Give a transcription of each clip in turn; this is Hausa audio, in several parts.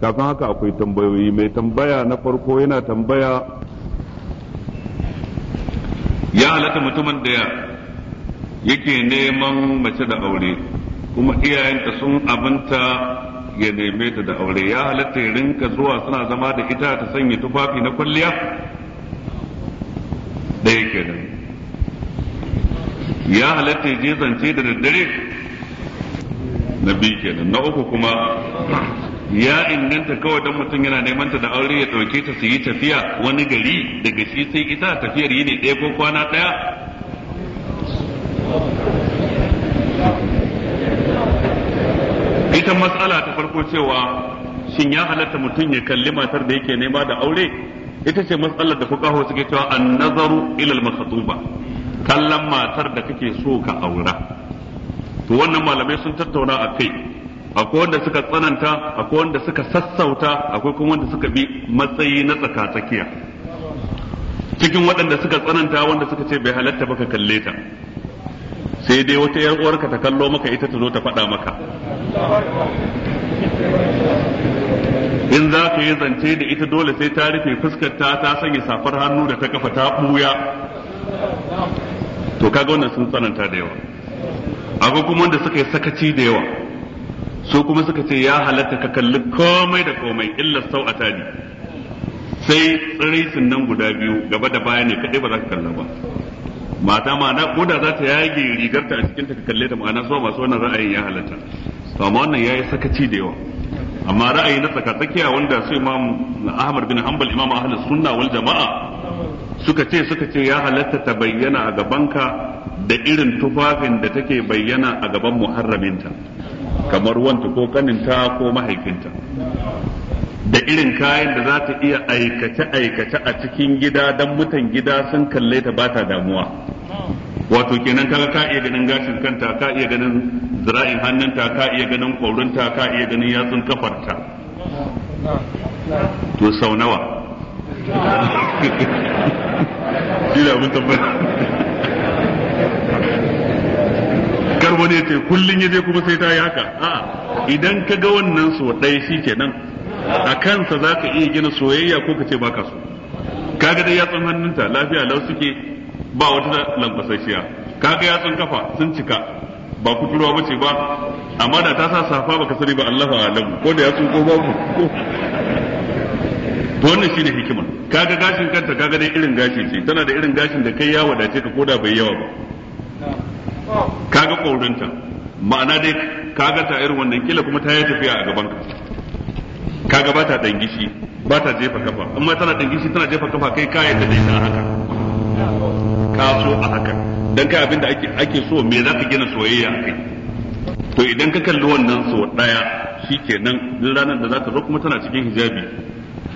kafin haka akwai tambayoyi mai tambaya na farko yana tambaya ya halatta mutumin da ya yake neman mace da aure kuma iyayenta sun abinta ya neme ta da aure ya halatta ya rinka zuwa suna zama da ita ta sanya tufafi na kwalliya da yake nan ya halatta ya zance da daddare na biyu kenan na uku kuma ya inganta kawai dan mutum yana neman ta da aure ya dauke ta su yi tafiya wani gari daga shi sai ita tafiyar yi ne ɗaya ko kwana ɗaya ita matsala ta farko cewa shin ya halatta mutum ya kalli matar da yake nema da aure ita ce matsalar da hau suke cewa an nazaru ilal masu kallon matar da kake so ka aura to wannan malamai sun tattauna a kai akwai wanda suka tsananta akwai wanda suka sassauta akwai kuma wanda suka bi matsayi na tsaka tsakiya cikin waɗanda suka tsananta wanda suka ce bai halatta baka kalle ta sai dai wata 'yar'uwarka uwarka ta kallo maka ita ta zo ta faɗa maka in za ka yi zance da ita dole sai ta rufe fuskar ta ta sanya safar hannu da ta kafa ta buya. to kaga wannan sun tsananta da yawa akwai kuma wanda suka yi sakaci da yawa su kuma suka ce ya halatta ka kalli komai da komai illa sau a tani sai tsiraisin nan guda biyu gaba da baya ne kadai ba za ka kalla ba mata ma'ana ko da za ta yage rigarta a cikinta ka kalle ta ma'ana so masu wannan ra'ayin ya halatta to amma wannan yayi sakaci da yawa amma ra'ayi na tsakatsakiya wanda su imam Ahmad bin Hanbal imam Ahmad sunna wal jama'a suka ce suka ce ya halatta ta bayyana a gabanka da irin tufafin da take bayyana a gaban muharraminta kamar wanta ko kaninta ko mahaifinta da irin kayan da za ta iya aikace-aikace a cikin gida don mutan gida sun kalle ta ba ta damuwa wato kenan kaga ka iya ganin gashin kanta ka iya ganin zira'in hannunta ka iya ganin ƙorinta ka iya ganin yatsun kafarta to sau nawa shi da wani ne ce kullum ya je kuma sai ta yi haka a'a idan ka ga wannan so ɗaya shi nan a kansa za ka iya gina soyayya ko ka ce ba ka so kaga dai yatsun hannunta lafiya lau suke ba wata lankwasashiya kaga yatsun kafa sun cika ba kuturwa bace ba amma da ta sa safa baka sani ba Allahu alam ko da yatsun ko babu to wannan shine hikima kaga gashin kanta kaga dai irin gashin ce tana da irin gashin da kai ya wadace ka koda bai yawa ba kaga ƙaurinta ma'ana dai kaga ta irin wannan kila kuma ta yi tafiya a gaban ka kaga ba ta dangishi ba ta jefa kafa amma tana dangishi tana jefa kafa kai ka ta dai ta haka ka so a haka dan kai abinda ake ake so me za ka gina soyayya a kai to idan ka kalli wannan so daya shikenan ranar da za ka zo kuma tana cikin hijabi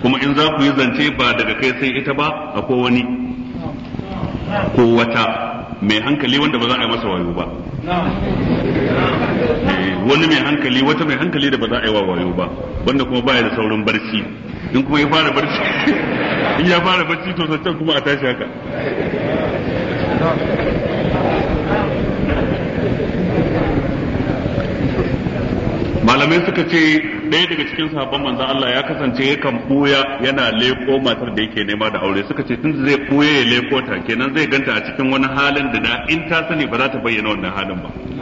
kuma in za ku yi zance ba daga kai sai ita ba akwai wani ko wata mai hankali wanda ba za a yi masa wayo ba eh, wani mai hankali wata mai hankali da ba za a yi wa wayo ba wanda kuma baya da saurin barci in kuma ya fara barci in ya fara barci to zancen kuma a tashi haka malamai suka ce ɗaya daga cikin sahabban manzon Allah ya kasance yakan buya yana leƙo matar da yake nema da aure suka ce tun zai buya ya leko ta kenan zai ganta a cikin wani halin da na in ta sani ba za ta bayyana wannan halin ba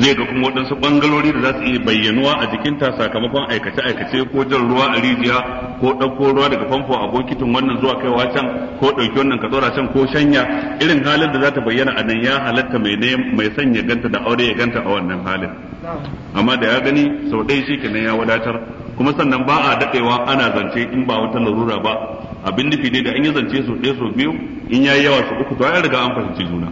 zai ga kuma waɗansu ɓangarori da za su iya bayyanuwa a jikinta sakamakon aikace-aikace ko jan ruwa a rijiya ko ɗauko ruwa daga famfo a bokitin wannan zuwa kaiwa can ko ɗauki wannan ka tsora can ko shanya irin halin da za ta bayyana a nan ya halatta mai mai sanya ganta da aure ya ganta a wannan halin amma da ya gani sau ɗaya shi kenan ya wadatar kuma sannan ba a daɗewa ana zance in ba wata larura ba abin nufi ne da an yi zance su ɗaya su biyu in ya yawa su uku to ya riga an fahimci juna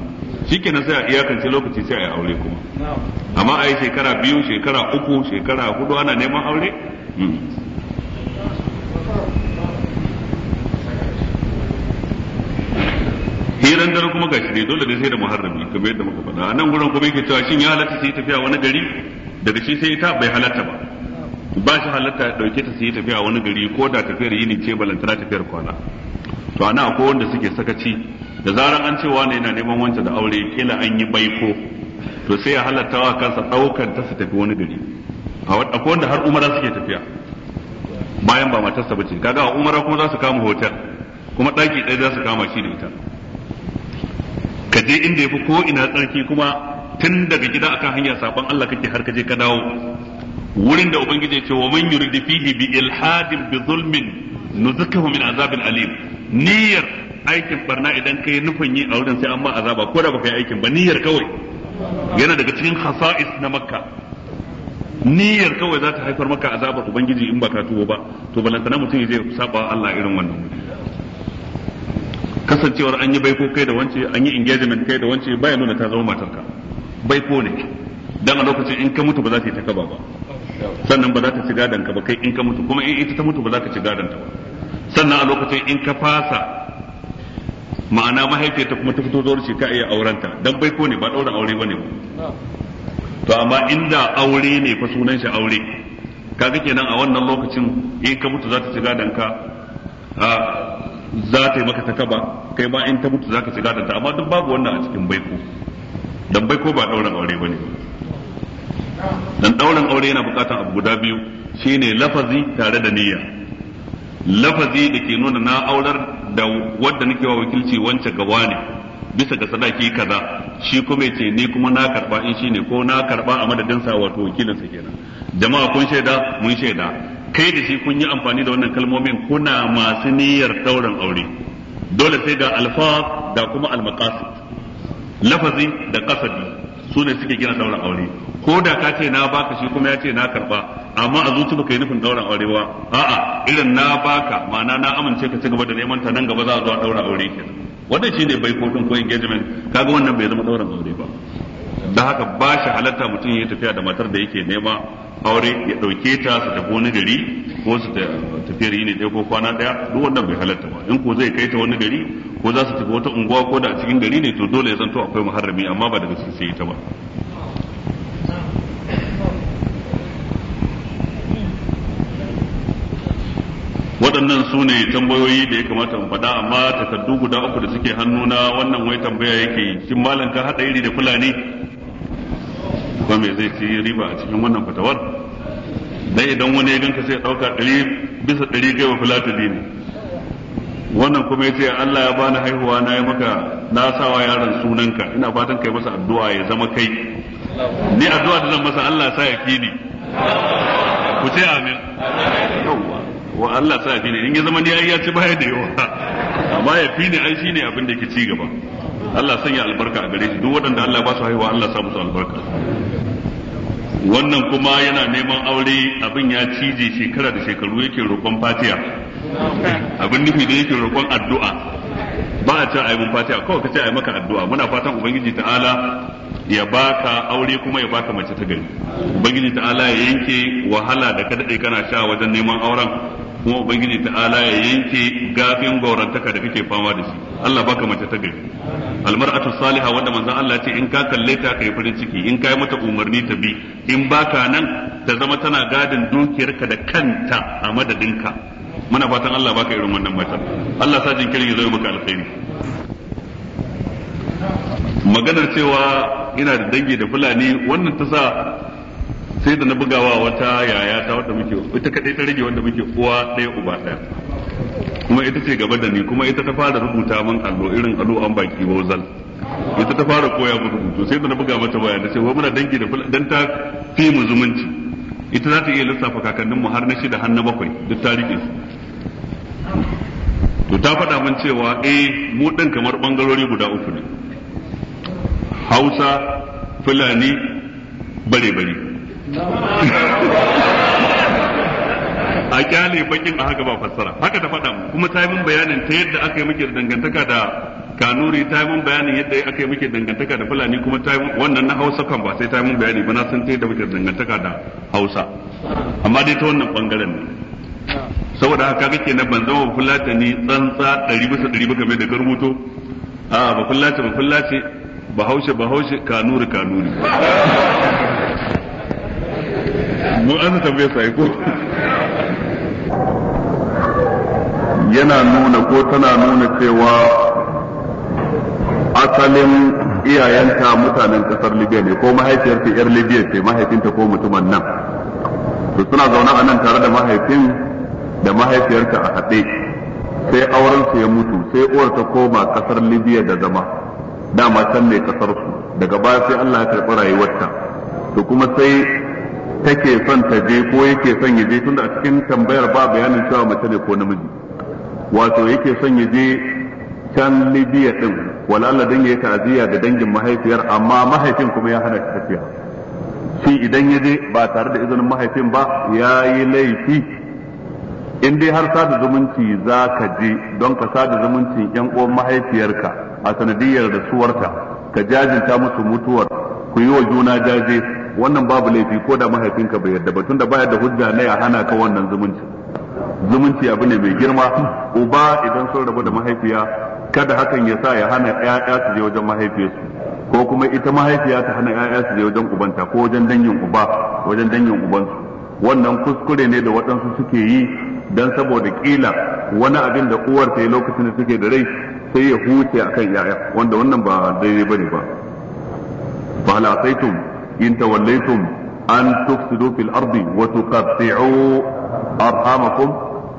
shi shikenan sai a iyakance lokaci sai a yi aure kuma amma a yi shekara biyu shekara uku shekara hudu ana neman aure hmm. hiran dare kuma gashi ne dole ne sai da muharrami kamar yadda muka faɗa a nan gurin kuma yake cewa shin ya halatta sai tafiya wani gari daga shi sai ita bai halatta ba ba shi halatta ya dauke ta su yi tafiya wani gari ko da tafiyar yini ce balantana tafiyar kwana to ana akwai wanda suke sakaci da zaran an cewa ne yana neman wancan da aure kila an yi baiko to sai ya halatta wa kansa daukar ta su tafi wani gari akwai wanda har umara suke tafiya bayan ba matarsa bace kaga a umara kuma za su kama hotel kuma daki ɗaya za su kama shi da ita ka je inda yafi ko ina tsarki kuma tun daga gida akan hanya saban Allah kake har ka je ka dawo wurin da ubangiji ya ce wa man yuridu fihi bi ilhadin bi zulmin nuzukahu min azabin alim niyyar aikin barna idan kai nufin yi a wurin sai an ba azaba ko da baka yi aikin ba niyyar kawai yana daga cikin khasa'is na makka niyyar kawai za ta haifar maka azabar ubangiji in baka tuwo ba to balantana mutum zai saba Allah irin wannan kasancewar an yi baiko kai da wance an yi engagement kai da wance baya nuna ta zama matarka baiko ne dan a lokacin in ka mutu ba za ta yi ta kaba ba sannan ba za ta ci gadon ka ba kai in ka mutu kuma in ita ta mutu ba za ka ci gadon ta ba sannan a lokacin in ka fasa ma'ana mahaifiyarta kuma ta fito zuwa ka iya aurenta dan ko ne ba ɗaurin aure bane ba to amma inda aure ne fa sunan shi aure kaga kenan a wannan lokacin in ka mutu za ta ci gadon ka za ta yi maka ta kaba kai ma in ta mutu za ka ci gadon ta amma duk babu wannan a cikin baiko dan baiko ba ɗaurin aure bane ba dan dauran aure yana bukatan abu guda biyu shine lafazi tare da niyya lafazi da ke nuna na aurar da wadda nake wa wakilci wancan gaba ne bisa ga sadaki kaza shi kuma yace ni kuma na karba in shine ko na karba a madadin sa wato wakilin sa kenan jama'a kun shaida mun shaida kai da shi kun yi amfani da wannan kalmomin kuna masu niyyar dauran aure dole sai ga alfa da kuma almaqasid lafazi da qasadi su ne suke gina dauran aure ko da ka ce na baka shi kuma ya ce na karba amma a zuci baka yi nufin daura aure ba a'a irin na baka ma'ana na amince ka ci gaba da neman ta nan gaba za a zo a daura aure kenan wannan shine bai kotun ko engagement kaga wannan bai zama daura aure ba da haka ba shi halatta mutum ya tafiya da matar da yake nema aure ya ɗauke ta su tafi wani gari ko su tafiyar yini ɗaya ko kwana ɗaya duk wannan bai halatta ba in ko zai kai ta wani gari ko za su tafi wata unguwa ko da a cikin gari ne to dole ya zanto akwai muharrami amma ba daga sun sai ita ba waɗannan su ne tambayoyi da ya kamata mu faɗa amma takardu guda uku da suke hannuna wannan wai tambaya yake yi shin malam ka haɗa iri da fulani ko me zai ci riba a cikin wannan fatawar dai idan wani ya ganka sai ya ɗauka ɗari bisa ɗari gaiwa fulatuli ne wannan kuma ya ce Allah ya bani haihuwa na yi maka na sawa yaron sunanka ina fatan kai masa addu'a ya zama kai ni addu'a da zan masa Allah ya sa ya ni. ku ce amin yawwa wa Allah sa fi ne in ya zama ne ya ci baya da yawa amma ya fi ne ai shine abin da yake ci gaba Allah sanya albarka a gare shi duk waɗanda Allah ba su haihuwa Allah sa musu albarka wannan kuma yana neman aure abin ya cije shekara da shekaru yake roƙon fatiya abin nufi da yake roƙon addu'a ba a ce a mun fatiya kawai kace a maka addu'a muna fatan ubangiji ta'ala ya baka aure kuma ya baka mace ta gari ubangiji ta'ala ya yanke wahala da ka dade kana sha wajen neman auren kuma ubangiji ala ya yanke gafin gaurantaka da kake fama da shi Allah baka mace ta gari almar'atu salihah wanda manzon Allah ce in ka kalle ta kai farin ciki in kai mata umarni ta bi in baka nan ta zama tana gadin dukiyarka da kanta a madadinka muna fatan Allah baka irin wannan mata Allah sa jinkirin ya zo maka alkhairi maganar cewa ina da dangi da fulani wannan ta sa sai da na bugawa wata yaya ta wadda muke ita kadai ta rage wanda muke uwa ɗaya uba ɗaya kuma ita ce gaba da ni kuma ita ta fara rubuta min allo irin allo an baki bozal ita ta fara koya mu rubutu sai da na buga mata waya da ce wai muna dangi da dan ta fi mu zumunci ita za ta iya lissafa mu har na shida har na bakwai duk ta rike su to ta faɗa min cewa eh mu ɗin kamar ɓangarori guda uku ne hausa fulani bare-bare a kyale bakin a haka ba fassara haka ta faɗa mu kuma ta yi mun bayanin ta yadda aka yi muke dangantaka da kanuri ta yi mun bayanin yadda aka yi muke dangantaka da fulani kuma ta yi wannan na hausa kan ba sai ta yi mun bayani ba na san ta yadda muke dangantaka da hausa amma dai ta wannan bangaren ne saboda haka kake na ban zama ni tsantsa ɗari bisa ɗari ba game da garmuto a ba fulace ba haushe ba haushe kanuri kanuri mu an tambaye sa ko yana nuna ko tana nuna cewa asalin iyayenta mutanen kasar libya ne ko mahaifiyarta yar libya ce mahaifinta ko mutumin nan to suna zaune a nan tare da mahaifin da mahaifiyarta a haɗe sai aurensu ya mutu sai uwar ta koma kasar libya da zama dama can ne kasar su daga baya sai allah ya karɓi rayuwarta to kuma sai take son ta je ko yake son yaje, je tunda a cikin tambayar ba bayanin cewa mace ne ko namiji wato yake son ya je can Libya din walala dan yake aziya da dangin mahaifiyar amma mahaifin kuma ya hana shi tafiya shi idan ya je ba tare da izinin mahaifin ba ya yi laifi in dai har sada zumunci za ka je don ka sada zumuncin yan uwan mahaifiyarka a sanadiyar rasuwarta ka jajinta musu mutuwar ku yi wa juna jaje wannan babu laifi ko da mahaifinka bai yarda ba tunda baya da hujja na ya hana ka wannan zumunci zumunci abu ne mai girma uba idan sun rabu da mahaifiya kada hakan ya sa ya hana ƴaƴa su je wajen mahaifiyarsu ko kuma ita mahaifiya ta hana ƴaƴa su je wajen ubanta ko wajen dangin uba wajen dangin ubansu wannan kuskure ne da waɗansu suke yi dan saboda ƙila wani abin da uwar ta yi lokacin da suke da rai sai ya huce akan ƴaƴa wanda wannan ba daidai ba fa ba in tawallaytum an tufsidu fil ardi wa tuqatti'u arhamakum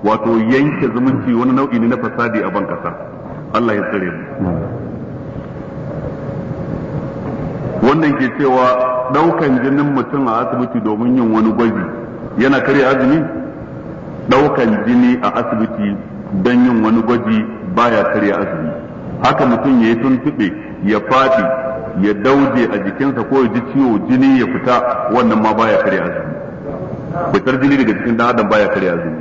wato yanke zumunci wani nau'i ne na fasadi a ban kasa Allah ya tsare mu wannan ke cewa daukan jinin mutum a asibiti domin yin wani gwaji yana kare azumi daukan jini a asibiti don yin wani gwaji baya karya azumi haka mutum ya yi tuntuɓe ya faɗi ya dauje a jikinsa ko ya ji ciwo jini ya fita wannan ma baya karya azumi fitar jini daga jikin dan adam baya karya azumi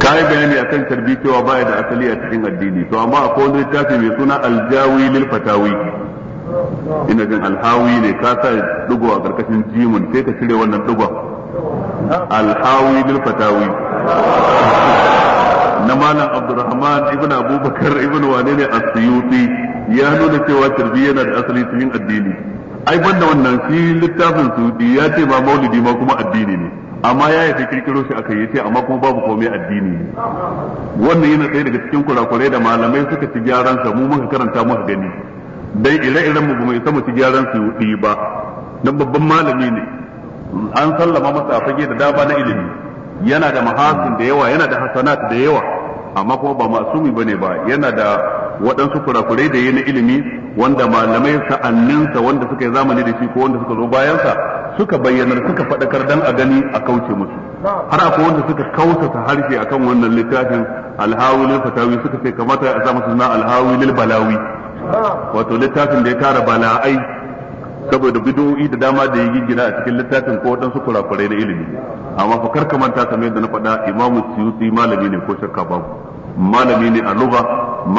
ka yi bayani akan tarbi cewa baya da asali a cikin addini to amma akwai wani littafi mai suna aljawi lil fatawi ina jin alhawi ne ka sa dugo a karkashin jimun sai ka cire wannan dugo alhawi lil fatawi na malam abdurrahman ibn abubakar ibn wane ne a suyuti ya nuna cewa tarbiyya yana da asali cikin addini ai banda wannan shi littafin suyuti ya ce ba maulidi ma kuma addini ne amma ya yi kirkiro shi aka yi ce amma kuma babu komai addini ne wannan yana ɗaya daga cikin kurakurai da malamai suka ci gyaran sa mu muka karanta muka gani dai ire-iren mu bai isa ci gyaran suyuti ba dan babban malami ne an sallama masa a fage da dama na ilimi yana da mahasin da yawa yana da hasanat da yawa amma kuma ba masumi bane ba yana da waɗansu kurakurai da yi na ilimi wanda malamai sa'anninsa wanda suka yi zamani da shi ko wanda suka zo bayansa suka bayyanar suka faɗakar dan a gani a kauce musu har akwai wanda suka kautata harshe akan wannan littafin alhawilil fatawi suka ce kamata a sa masa suna alhawilil balawi wato littafin da ya tara bala'ai saboda bid'o'i da dama da ya gina a cikin littafin ko waɗansu kurakurai na ilimi amma fa karka manta kamar yadda na faɗa imamu suyuti malami ne ko shakka babu malami ne a lugha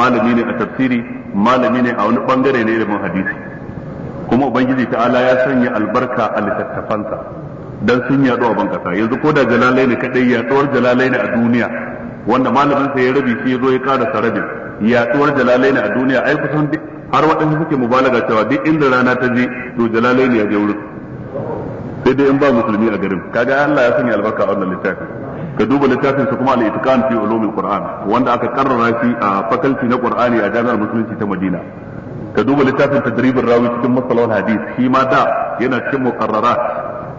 malami ne a tafsiri malami ne a wani bangare na ilimin hadisi kuma ubangiji ta'ala ya sanya albarka a littattafansa dan sun yaɗu a bankasa yanzu ko da jalalai ne kaɗai yaɗuwar jalalai ne a duniya wanda malaminsa ya rabi shi ya zo ya ƙara sarabin yaɗuwar jalalai ne a duniya ai kusan har waɗanda suke mubalaga cewa duk inda rana ta je to jalalai ne ya je wurin sai dai in ba musulmi a garin kaga Allah ya sanya albarka a wannan littafin ka duba littafin su kuma al-itqan fi ulumil qur'an wanda aka karrara shi a fakalti na qur'ani a jami'ar musulunci ta Madina ka duba littafin tadribin rawi cikin masalawal hadis shi ma da yana cikin muqarrarat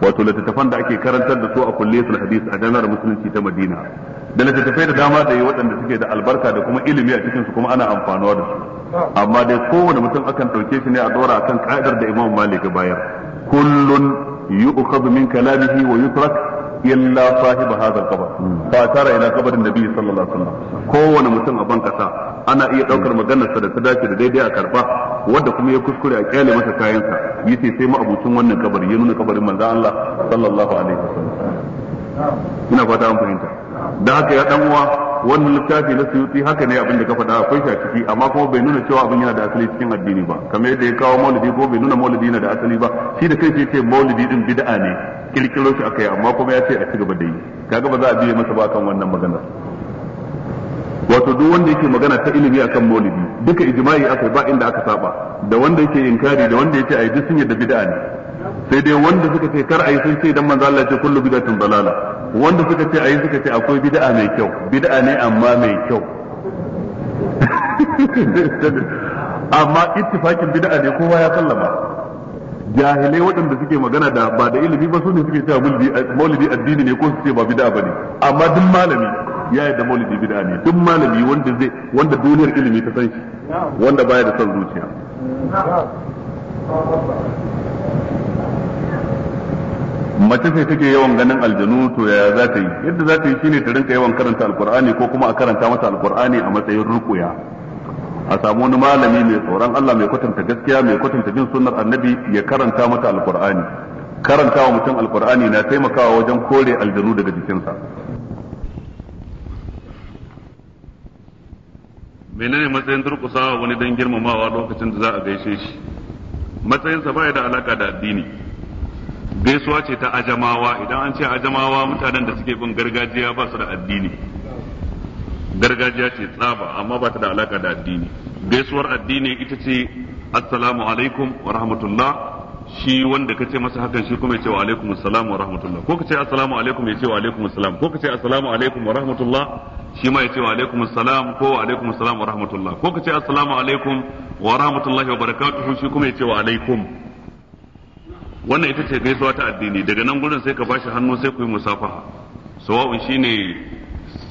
wato littattafan da ake karantar da su a kulliyatul hadis a jami'ar musulunci ta Madina da littattafai da dama da yi waɗanda suke da albarka da kuma ilimi a cikin su kuma ana amfanuwa da su amma dai kowane mutum akan ɗauke shi ne a ɗora akan ka'idar da imam malik bayar kullun yu'khadhu min kalamihi wa yutrak illa sahib hadha al-qabr fa tara ila qabr an-nabi sallallahu alaihi wasallam kowane mutum a ban kasa ana iya daukar maganarsa da ta dace da daidai a karba wanda kuma ya kuskure a kyale masa kayansa yace sai mu abucin wannan kabari ya nuna kabarin manzo Allah sallallahu alaihi wasallam ina fata an fahimta dan haka ya dan uwa wannan littafi na suyuti haka ne abin da ka faɗa akwai shi a ciki amma kuma bai nuna cewa abin yana da asali cikin addini ba kamar yadda ya kawo maulidi ko bai nuna maulidi yana da asali ba shi da kai ce maulidi din bid'a ne kirkiro shi akai amma kuma ya ce a ci gaba da yi kaga ba za a biye masa ba kan wannan magana wato duk wanda yake magana ta ilimi akan maulidi duka ijma'i akai ba inda aka saba da wanda yake inkari da wanda yake ayi duk sun yadda bid'a ne sai dai wanda suka ce kar ayi sun ce idan manzo Allah ce kullu bid'atin dalala wanda suka ce ayi suka ce akwai bid'a mai kyau bid'a ne amma mai kyau amma ittifakin bid'a ne kowa ya sallama jahilai waɗanda suke magana da ba da ilimi ba su ne suke cewa maulidi addini ne ko su ce ba bid'a bane amma duk malami ya da maulidi bid'a ne duk malami wanda zai wanda duniyar ilimi ta san shi wanda baya da son zuciya mace sai take yawan ganin aljanu to yaya za ta yi yadda za ta yi shine ta rinka yawan karanta alkur'ani ko kuma a karanta mata alkur'ani a matsayin rukuya a samu wani malami mai tsoron Allah mai kwatanta gaskiya mai kwatanta bin sunnar annabi ya karanta mata alkur'ani karanta wa mutum alkur'ani na taimakawa wajen kore aljanu daga jikinsa menene matsayin turkusawa wani don girmamawa lokacin da za a gaishe shi matsayinsa ba ya da alaka da addini gaisuwa ce ta ajamawa idan an ce ajamawa mutanen da suke bin gargajiya ba su da addini gargajiya ce tsaba amma ba ta da alaka da addini gaisuwar addini ita ce assalamu alaikum wa rahmatullah shi wanda kace masa hakan shi kuma ya ce wa alaikum assalam wa rahmatullah ko kace assalamu alaikum ya ce wa alaikum assalam ko kace assalamu alaikum wa rahmatullah shi ma ya ce wa alaikum assalam ko wa alaikum assalam wa rahmatullah ko kace assalamu alaikum wa rahmatullahi wa barakatuhu shi kuma ya ce wa alaikum wannan ita ce gaisuwa ta addini daga nan gurin sai ka bashi hannu sai ku yi musafaha sawa'un shine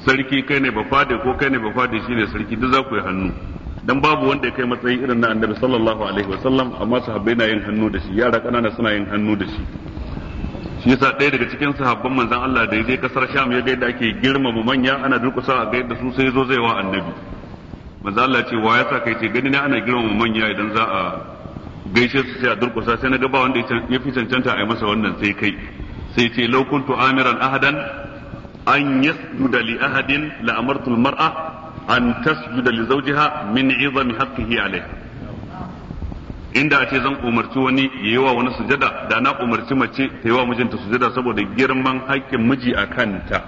sarki kai ne ba fade ko kai ne ba fade shine sarki duk za ku yi hannu dan babu wanda ya kai matsayi irin na annabi sallallahu alaihi wasallam amma sahabbai na yin hannu da shi yara kanana suna yin hannu da shi shi yasa ɗaya daga cikin sahabban manzon Allah da ya je kasar Sham ya ga yadda ake girmama manya ana durkusa a ga su sai zo zai wa annabi manzon Allah ce wa yasa kai ce gani ne ana girmama manya idan za a gaishe su sai a durkusa sai na ga wanda ya fi cancanta a yi masa wannan sai kai sai ce law amiran ahadan an yasjuda li ahadin la amartu mar'a an tasjuda li zawjiha min 'izami haqqihi alayha inda a ce zan umarci wani yi wa wani sujada da na umarci mace ta yi wa mijinta sujada saboda girman haƙƙin miji a kanta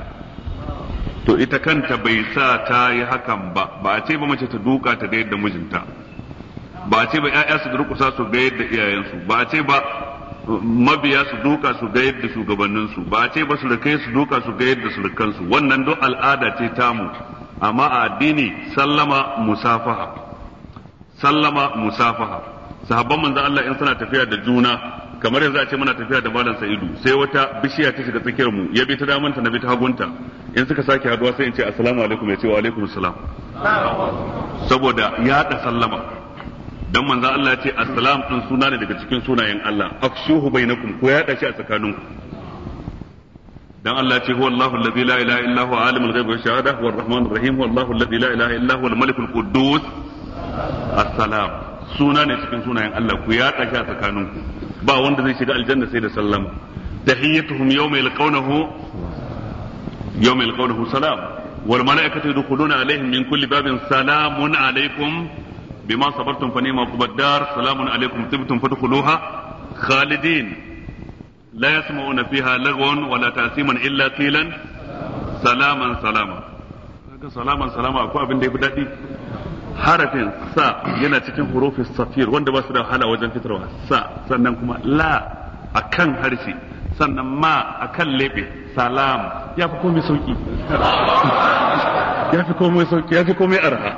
to ita kanta bai sa ta yi hakan ba ba a ce ba mace ta duka ta ga da mijinta ba a ce ba 'ya'ya su durkusa su ga yadda iyayensu ba a ce ba mabiya su duka su ga yadda shugabanninsu ba a ce ba su rikai su duka su ga yadda surukansu wannan duk al'ada ce tamu amma a addini sallama musafaha sallama musafaha sahabban manzo Allah in suna tafiya da juna kamar yanzu a ce muna tafiya da malam Sa'idu sai wata bishiya ta shiga tsakiyar mu ya bi ta damanta na bi ta hagunta in suka sake haduwa sai in ce assalamu alaikum ya ce wa alaikum salam saboda ya da sallama dan manzo Allah ya ce assalam din suna ne daga cikin sunayen Allah afshuhu bainakum ko ya dace a tsakaninku dan Allah ya ce huwa Allahu allazi la ilaha illa huwa alimul ghaibi wash shahada huwa arrahmanur rahim huwa Allahu allazi la ilaha illa huwa al-malikul quddus assalam suna ne cikin sunayen Allah ku ya dace a tsakaninku ba wanda zai shiga aljanna sai da sallama tahiyyatuhum yawma yalqawnahu yawma yalqawnahu salam wal malaikatu yadkhuluna alaihim min kulli babin salamun alaikum بما صبرتم فنعم عقبى الدار سلام عليكم طبتم فادخلوها خالدين لا يسمعون فيها لغوا ولا تأثيما إلا قيلا سلاما سلاما سلاما سلاما أكو أبن دي بدأتي harafin sa yana cikin hurufin safir wanda ba su da wahala wajen fitarwa sa sannan kuma la a kan harshe sannan ma a kan leɓe salam ya fi komai sauki ya fi komai sauki ya fi komai arha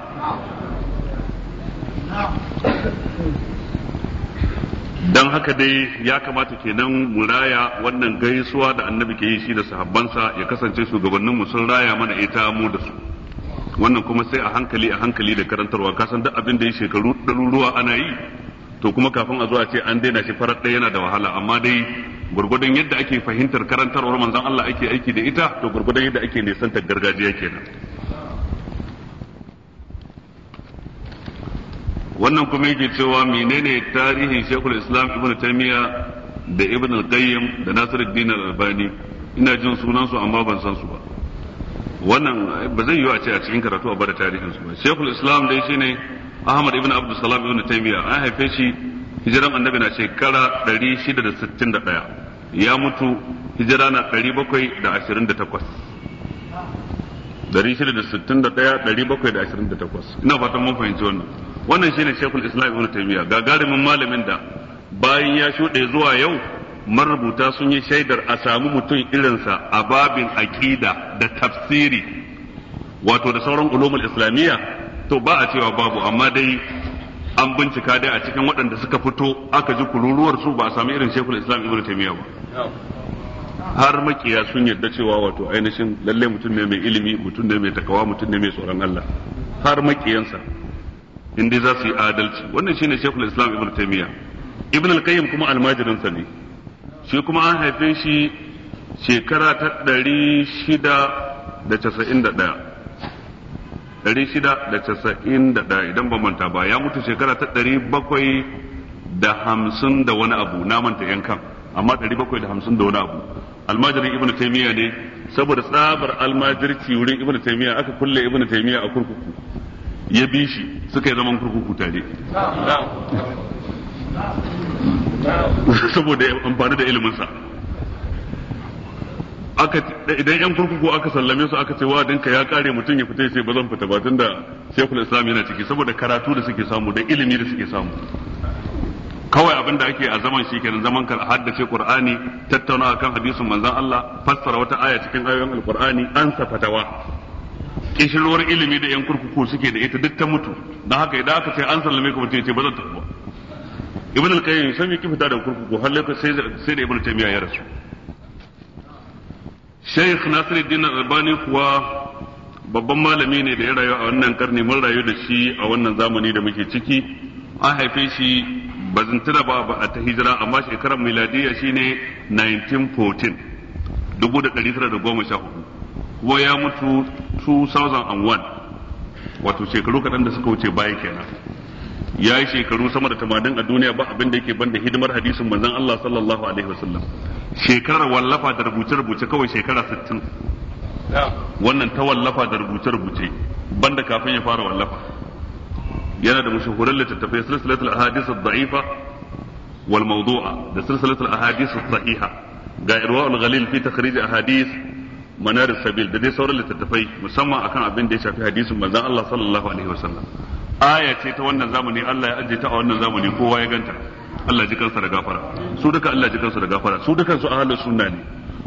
dan haka dai ya kamata kenan mu raya wannan gaisuwa da annabi ke yi shi da sahabbansa ya kasance mu sun raya mana ita mu da su wannan kuma sai a hankali a hankali da karantarwa kasan duk abin da ya shekaru ɗaruruwa ana yi to kuma kafin a zuwa ce an daina shi farar ɗaya yana da wahala amma dai gurgudun yadda ake fahimtar karantarwar manzon Allah ake aiki da ita to gurgudun yadda ake nisantar gargajiya kenan wannan kuma yake cewa menene tarihin shekul islam ibn taymiya da ibn al-qayyim da nasiruddin al-albani ina jin sunan su amma ban san su ba wannan ba zai yi a ce a cikin karatu a bada tarihin su ba shekul islam dai shine ahmad ibn abdul salam ibn taymiya an haife shi hijiran annabi na shekara 661 ya mutu hijira na 728 da takwas. ina fatan mun fahimci wannan wannan shine shekul islam ibn taymiya gagarumin malamin da bayan ya shuɗe zuwa yau marubuta sun yi shaidar a sami mutum irinsa a babin aƙida da tafsiri wato da sauran ulumul islamiyya to ba a cewa babu amma dai an bincika dai a cikin waɗanda suka fito aka ji kururuwar su ba a sami irin shekul islam ibn taymiya ba har makiya sun yarda cewa wato ainihin lalle mutum ne mai ilimi mutum ne mai takawa mutum ne mai tsoron Allah har makiyansa in dai za su yi adalci wannan shine Sheikhul Islam Ibn Taymiyyah Ibn al-Qayyim kuma almajirin sa ne shi kuma an haife shi shekara ta ɗari shida da casa'in da ɗaya ɗari shida da casa'in da ɗaya idan ba manta ba ya mutu shekara ta ɗari bakwai da hamsin da wani abu na manta yankan amma ɗari bakwai da hamsin da wani abu almajirin Ibn taymiya ne saboda tsabar almajirci wurin Ibn taymiya aka kulle Ibn taymiya a kurkuku ya bi shi suka yi zaman kurkuku tare saboda amfani da sa aka idan yan kurkuku aka sallame su aka ce ka ya kare mutum ya fita ya ce ba zan fita ba tunda shekul islam yana ciki saboda karatu da suke samu da ilimi da suke samu kawai abin da ake a zaman shi kenan zaman kar haddace qur'ani tattauna kan hadisin manzon Allah fassara wata aya cikin ayoyin alqur'ani an safatawa kishirwar ilimi da yan kurkuku suke da ita duk ta mutu dan haka idan aka ce an sallame ku mutum ce ba zan tafi ibn al-qayyim sai mai fita da kurkuku har ka sai sai da ibn taymiya ya rasu shaykh nasiruddin al-albani kuwa babban malami ne da ya rayu a wannan karni mun rayu da shi a wannan zamani da muke ciki an haife shi ba zan tuna ba a ta hijira amma shekarar miladiyya shine 1914 1914 kuma ya mutu 2001 wato shekaru kaɗan da suka wuce baya kenan ya yi shekaru sama da tamanin a duniya ba abin da yake da hidimar hadisin manzon Allah sallallahu alaihi wasallam shekara wallafa da rubuce-rubuce kawai shekara 60 wannan ta wallafa da rubuce-rubuce banda kafin ya fara wallafa yana da mashahuran littattafai silsilatul ahadith ad-da'ifa wal mawdu'a da silsilatul ahadith as-sahiha ga irwaul ghalil fi takhrij ahadith manar sabil da dai sauran littattafai musamman akan abin da ya shafi hadisin manzon Allah sallallahu alaihi wasallam aya ce ta wannan zamani Allah ya ajiye ta a wannan zamani kowa ya ganta Allah ji kansa da gafara su duka Allah ji kansa da gafara su dukan su ahlus sunna ne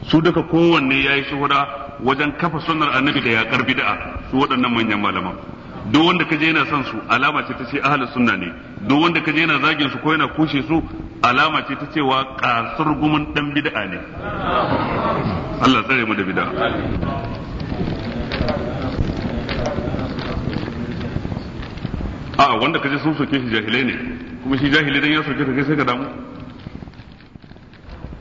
su duka kowanne yayi shuhura wajen kafa sunnar annabi da ya karbi da'a su waɗannan manyan malaman duk wanda kaje yana son su alama ce ta ce ahlus sunna ne duk wanda kaje yana zagin su ko yana kushe su alama ce ta cewa kasar gumin dan bid'a ne Allah tsare mu da bid'a a wanda kaje sun soke shi jahilai ne kuma shi jahilai dan ya soke ka kai sai ka damu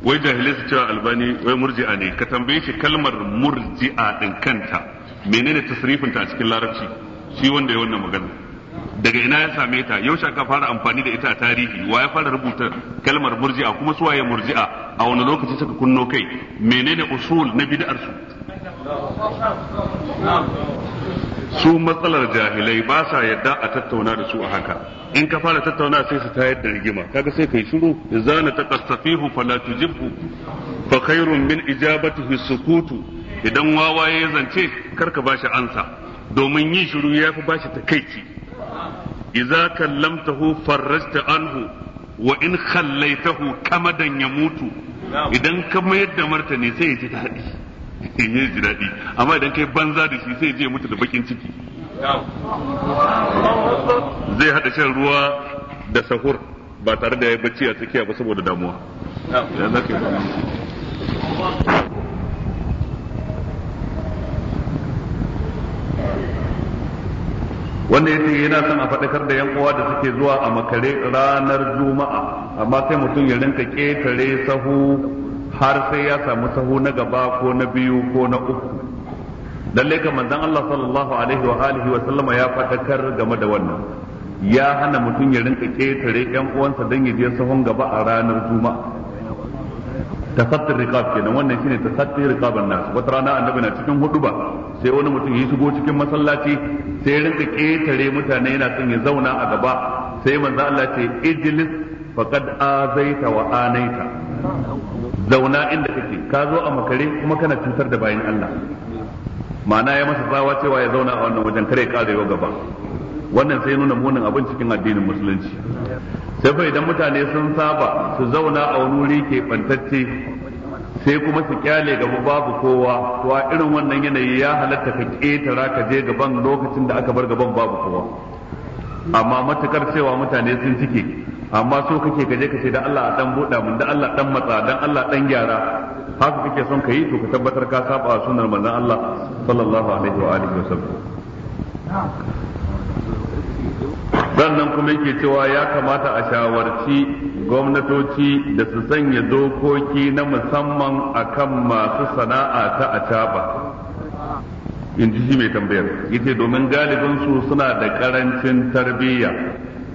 wai jahilai su cewa albani wai murji'a ne ka tambaye shi kalmar murji'a din kanta menene tasrifinta a cikin larabci shi wanda ya wannan magana daga ina ya same ta yau aka fara amfani da ita a tarihi wa ya fara rubuta kalmar murji'a kuma su waye murji'a a wani lokaci suka kunno kai menene usul na bid'ar su su matsalar jahilai ba sa yadda a tattauna da su a haka in ka fara tattauna sai su tayar da rigima kaga sai kai shiru zana taqastafihu fala tujibhu fa khairun min ijabatihi sukutu idan wawaye zance karka shi ansa domin yin shiru ya fi bashi takaici idza kallamtahu farrajta anhu wa in khallaitahu da ya mutu idan ka mayar da martani sai ya ji daɗi ya ji daɗi amma idan kai banza da shi sai ya je mutu da bakin ciki zai haɗa shan ruwa da sahur ba tare da ya bacci a tsakiya ba saboda damuwa wanda ya ce yana son a faɗakar da yan uwa da suke zuwa a makare ranar juma'a amma sai mutum ya rinka ƙetare sahu har sai ya samu sahu na gaba ko na biyu ko na uku Dan ka manzon Allah sallallahu alaihi wa alihi wa sallama ya faɗakar game da wannan ya hana mutum ya rinka ƙetare yan uwansa don ya je sahun gaba a ranar juma'a tasattir riqab kenan wannan shine tasattir riqaban nas wata rana annabi na cikin huduba sai wani mutum ya shigo cikin masallaci sai ya rinka ketare mutane yana son ya zauna a gaba sai manzo Allah ce ijlis faqad azaita wa anaita zauna inda kake ka zo a makare kuma kana cutar da bayan Allah ma'ana ya masa tsawa cewa ya zauna a wannan wajen kare yau gaba wannan sai nuna munin abin cikin addinin musulunci sai fa idan mutane sun saba su zauna a wani wuri ke bantacce sai kuma su kyale gaba babu kowa to a irin wannan yanayi ya halatta ka ketara ka je gaban lokacin da aka bar gaban babu kowa amma matukar cewa mutane sun cike amma so kake ka je ka ce da Allah dan buɗa mun da Allah dan matsa dan Allah dan gyara haka kake son ka yi to ka tabbatar ka saba sunnar manzon Allah sallallahu alaihi wa alihi wasallam sannan kuma yake cewa ya kamata a shawarci gwamnatoci da su sanya dokoki na musamman akan masu sana'a ta acaba in ji shi mai tambayar yace domin galibin su suna da karancin tarbiyya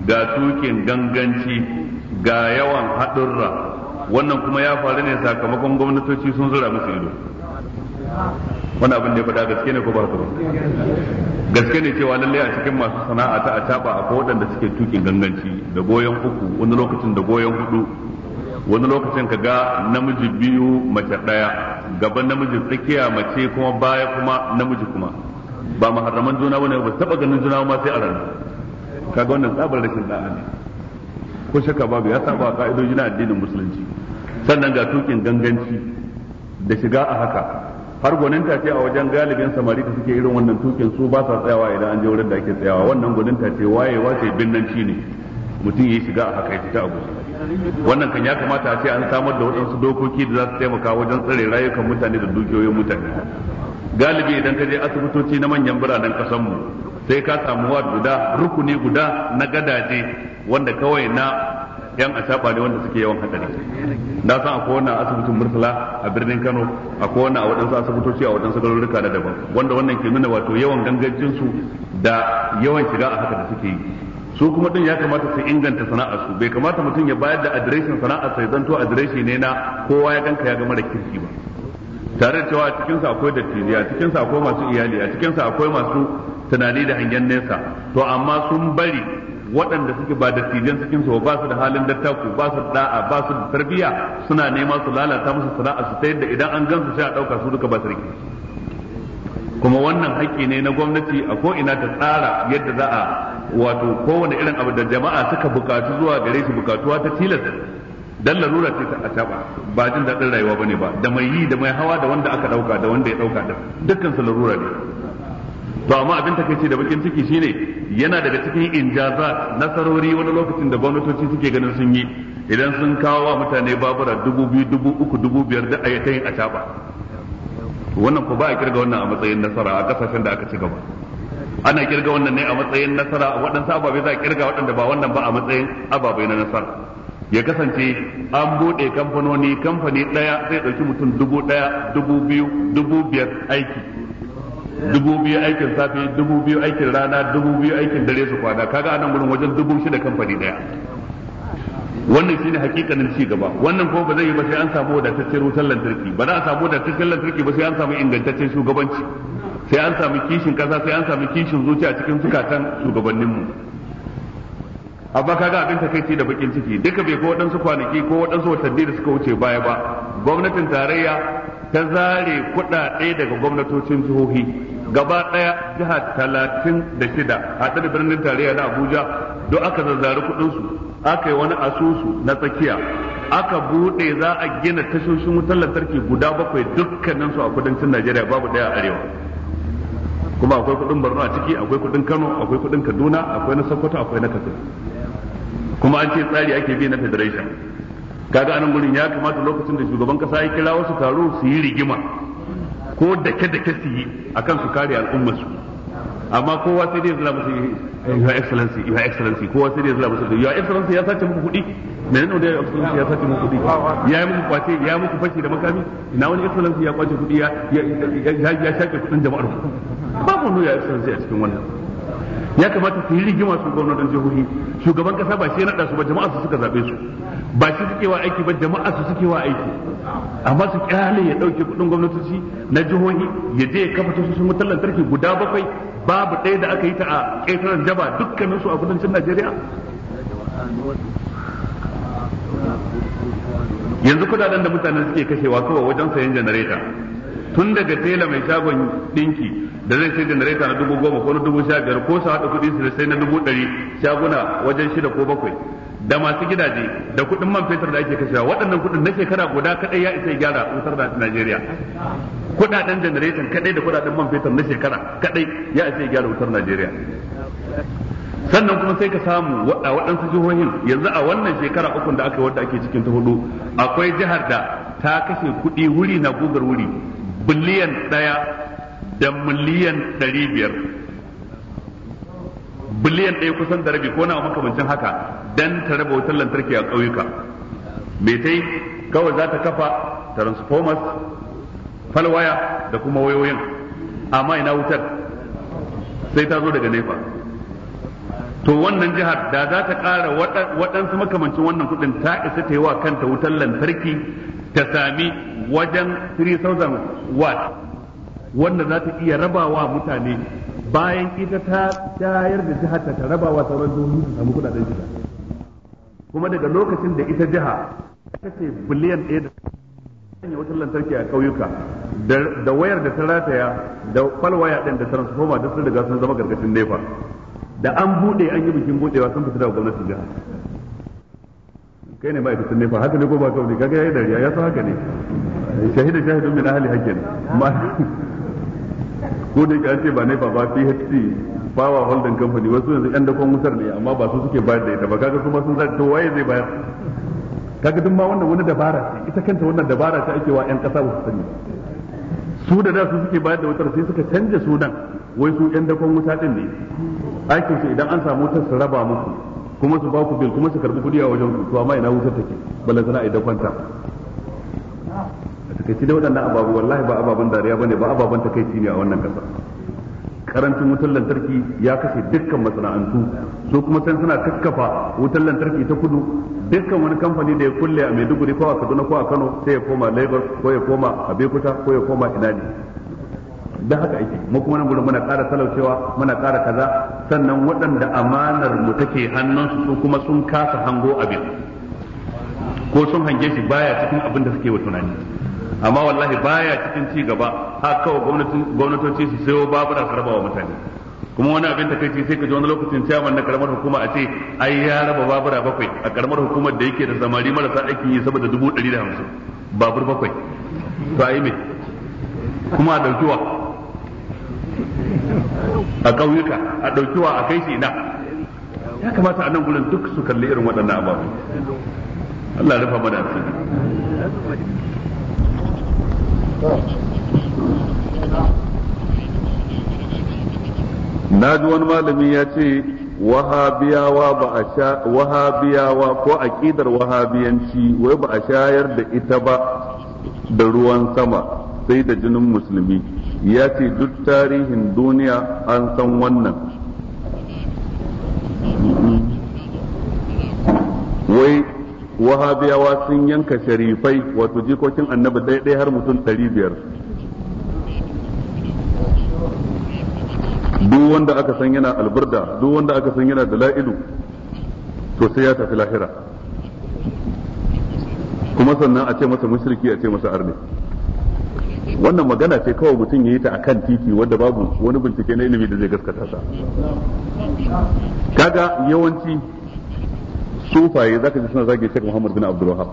ga tukin ganganci ga yawan haɗurra wannan kuma ya faru ne sakamakon gwamnatoci sun zura musu ido wani abin da ya faɗa gaske ne ko ba haka ba gaske ne cewa lalle a cikin masu sana'a ta a acaba akwai waɗanda suke tukin ganganci da goyon uku wani lokacin da goyon hudu wani lokacin ka ga namiji biyu mace ɗaya gaban namiji tsakiya mace kuma baya kuma namiji kuma ba maharraman juna bane ba taba ganin juna ma sai a ran kaga wannan tsabar rashin da'a ne ko shakka babu ya saba ka'idoji na addinin musulunci sannan ga tukin ganganci da shiga a haka har gwaninta ce a wajen galibin samari da suke irin wannan tukin su ba sa tsayawa idan an je wurin da ake tsayawa wannan gwaninta ce wayewa ce binnanci ne mutum ya shiga a haka ya fita a wannan kan ya kamata a ce an samar da waɗansu dokoki da za su taimaka wajen tsare rayukan mutane da dukiyoyin mutane galibi idan ka je asibitoci na manyan biranen mu sai ka samu wa guda rukuni guda na gadaje wanda kawai na yan asaba ne wanda suke yawan hadari na san akwai wannan asibitin mursala a birnin Kano akwai wannan a waɗansu asibitoci a waɗansu garuruka na daban wanda wannan ke nuna wato yawan gangancin su da yawan shiga a haka da suke yi su kuma din ya kamata su inganta sana'ar su bai kamata mutum ya bayar da adireshin sana'ar sai zanto adireshi ne na kowa ya ganka ya gama da kirki ba tare da cewa cikin sa akwai dattijai a cikin sa akwai masu iyali a cikin sa akwai masu tunani da hangen nesa to amma sun bari waɗanda suke ba da tijan cikin su ba su da halin dattaku ba su da'a ba su da tarbiyya suna nema su lalata musu sana'a su ta yadda idan an gansu sai a ɗauka su duka ba rike kuma wannan haƙƙi ne na gwamnati a ko ina ta tsara yadda za a wato kowane irin abu da jama'a suka bukatu zuwa gare su bukatuwa ta tilasta. dan larura ce ta ataba, ba jin daɗin rayuwa bane ba da mai yi da mai hawa da wanda aka ɗauka da wanda ya ɗauka da dukkan su larura ne to amma abin takaice da bakin ciki shine yana daga cikin injaza nasarori wani lokacin da gwamnatoci suke ganin sun yi idan sun kawo wa mutane babura dubu biyu dubu uku dubu biyar da ayyata yin caba wannan ko ba a kirga wannan a matsayin nasara a kasashen da aka ci gaba ana kirga wannan ne a matsayin nasara waɗansu ababe za a kirga waɗanda ba wannan ba a matsayin ababe na nasara ya kasance an buɗe kamfanoni kamfani ɗaya zai ɗauki mutum dubu ɗaya dubu biyu dubu biyar aiki dubu biyu aikin safe dubu biyu aikin rana dubu biyu aikin dare su kwana kaga anan gurin wajen dubu shida kamfani daya wannan shine hakikanin ci gaba wannan kuma ba zai yi ba sai an samu wadataccen wutar lantarki ba za a samu wadataccen lantarki ba sai an samu ingantaccen shugabanci sai an samu kishin kasa sai an samu kishin zuciya cikin zukatan shugabanninmu amma kaga abin takaici da bakin ciki duka bai ko waɗansu kwanaki ko waɗansu watanni da suka wuce baya ba gwamnatin tarayya ta zare kuɗaɗe daga gwamnatocin jihohi gaba ɗaya jiha talatin da shida a da birnin tarayya na abuja don aka zazzari kuɗinsu aka yi wani asusu na tsakiya aka buɗe za a gina tashoshin wutar lantarki guda bakwai dukkaninsu a kudancin najeriya babu ɗaya a arewa kuma akwai kuɗin borno a ciki akwai kuɗin kano akwai kuɗin kaduna akwai na sokoto akwai na katsina kuma an ce tsari ake bi na federation kaga anan gurin ya kamata lokacin da shugaban kasa ya kira wasu taro su yi rigima ko dake dake su yi akan su kare al'ummar su amma kowa sai dai zama musu your excellency your excellency kowa sai dai zama musu your excellency ya sace muku kudi menene da your excellency ya sace muku kudi ya yi muku kwace ya muku fashi da makami ina wani excellency ya kwace kudi ya ya ya shafe kudin jama'ar ku babu no your excellency a cikin wannan ya kamata su yi rigima su gwamnatin jihohi shugaban kasa ba shi ya naɗa su ba jama'a su suka zaɓe su ba shi suke wa aiki ba jama'a su suke wa aiki amma su kyale ya dauke kudin gwamnatoci na jihohi ya je ya kafa sun wutar lantarki guda bakwai babu ɗaya da aka yi ta a ƙetaren jaba dukkanin su a kudancin Najeriya yanzu kudaden da mutane suke kashewa kawai wajen sayan janareta tun daga tela mai shagon dinki da zai sai janareta na dubu goma ko na dubu sha biyar ko su haɗa kuɗi su da sai na dubu ɗari shaguna wajen shida ko bakwai da masu gidaje da kuɗin man fetur da ake kashewa waɗannan kuɗin na shekara guda kadai ya isa gyara wutar da Najeriya Kudaden generation kadai da kudaden man fetur na shekara kaɗai ya isa gyara wutar Najeriya sannan kuma sai ka samu a waɗansu jihohin yanzu a wannan shekara uku da aka yi wadda ake cikin ta hudu akwai jihar da ta kashe kuɗi wuri na gugar wuri biliyan ɗaya da miliyan ɗari biyar biliyan ɗaya kusan da rabi ko na makamancin haka dan ta raba wutar lantarki a ƙauyuka me tai kawai za ta kafa transformers falwaya da kuma wayoyin amma ina wutar sai ta zo daga nefa to wannan jihar da za ta ƙara waɗansu makamancin wannan kuɗin ta isa ta yi wa kanta wutar lantarki ta sami wajen 3000 watt wanda za ta iya rabawa mutane bayan ita ta tayar da jihar ta raba wa sauran jihohi su samu kudaden shiga kuma daga lokacin da ita jiha ta ce biliyan ɗaya da sanya wutar lantarki a ƙauyuka da wayar da ta rataya da kwalwaya ɗin da transformer da sun riga sun zama gargashin nefa da an buɗe an yi bikin buɗewa sun fita daga gwamnatin jiha kai ne ma'aikatan nefa haka ne ko ba kawai kaga ya yi dariya ya san haka ne shahida shahidun min ahli hakkin ko da yake an ce ba nefa ba PHC Power Holding Company wasu yanzu yan dakon wutar ne amma ba su suke bayar da ita ba kaga kuma sun zai to waye zai bayar kaga duk ma wannan wani dabara ce ita kanta wannan dabara ce ake wa yan kasa wasu sani su da da su suke bayar da wutar sai suka canja sunan wai su yan dakon wuta din ne aikin su idan an samu wutar su raba muku kuma su ba ku bil kuma su karbi kudi a wajen ku to amma ina wutar take balantana idan kwanta a takaice da waɗannan ababu wallahi ba ababen dariya bane ba ababen takaici ne a wannan ƙasa karancin wutar lantarki ya kashe dukkan masana'antu su kuma suna kakkafa wutar lantarki ta kudu dukkan wani kamfani da ya kulle a Maiduguri ko a Kaduna ko a Kano sai ya koma Lagos ko ya koma Abeokuta ko ya koma ina ne da haka ake mu kuma nan gudun muna ƙara talaucewa muna ƙara kaza sannan waɗanda amanar mu take hannunsu su kuma sun kasa hango abin ko sun hange shi baya cikin abin da suke wa tunani amma wallahi baya cikin ci gaba har kawai gwamnatoci su sayo babura su wa mutane kuma wani abin da kai sai ka ji wani lokacin ciyaman na karamar hukuma a ce ai ya raba babura bakwai a karamar hukumar da yake da samari marasa aikin yi saboda dubu ɗari da hamsin babur bakwai to ai me kuma a wa a ƙauyuka a wa a kai shi na ya kamata a nan gudun duk su kalli irin waɗannan ababen Allah rufa mana asiri na ji wani malami ya ce wahabiyawa ba a sha wahabiyawa ko aqidar wahabiyanci wai ba a shayar da ita ba da ruwan sama sai da jinin musulmi ya ce duk tarihin duniya an san wannan wahabiyawa sun yanka sharifai wato jikokin annabi ɗaya har mutum ɗari biyar duk wanda aka san yana alburda duk wanda aka san yana dala'ilu to sai ya tafi lahira kuma sannan a ce masa mushriki a ce masa arni. wannan magana ce kawai mutum ya yi ta a kan titi wadda babu wani bincike na ilimi da zai gaskata ta kaga yawanci sufaye zaka ji suna zage Sheikh Muhammad bin Abdul Wahhab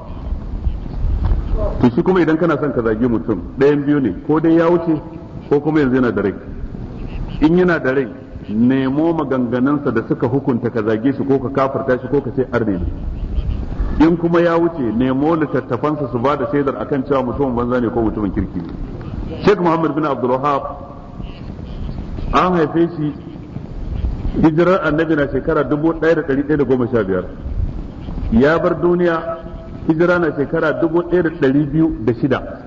to shi kuma idan kana son ka zage mutum ɗayan biyu ne ko dai ya wuce ko kuma yanzu yana da rai in yana da rai nemo maganganansa da suka hukunta ka zage shi ko ka kafarta shi ko ka ce arne ne in kuma ya wuce nemo littattafansa su bada da shaidar akan cewa mutumin banza ne ko mutumin kirki ne Sheikh Muhammad bin Abdul Wahhab an haife shi hijirar annabi na shekara 1115 ya bar duniya hijira na shekara dubu da da biyu shida.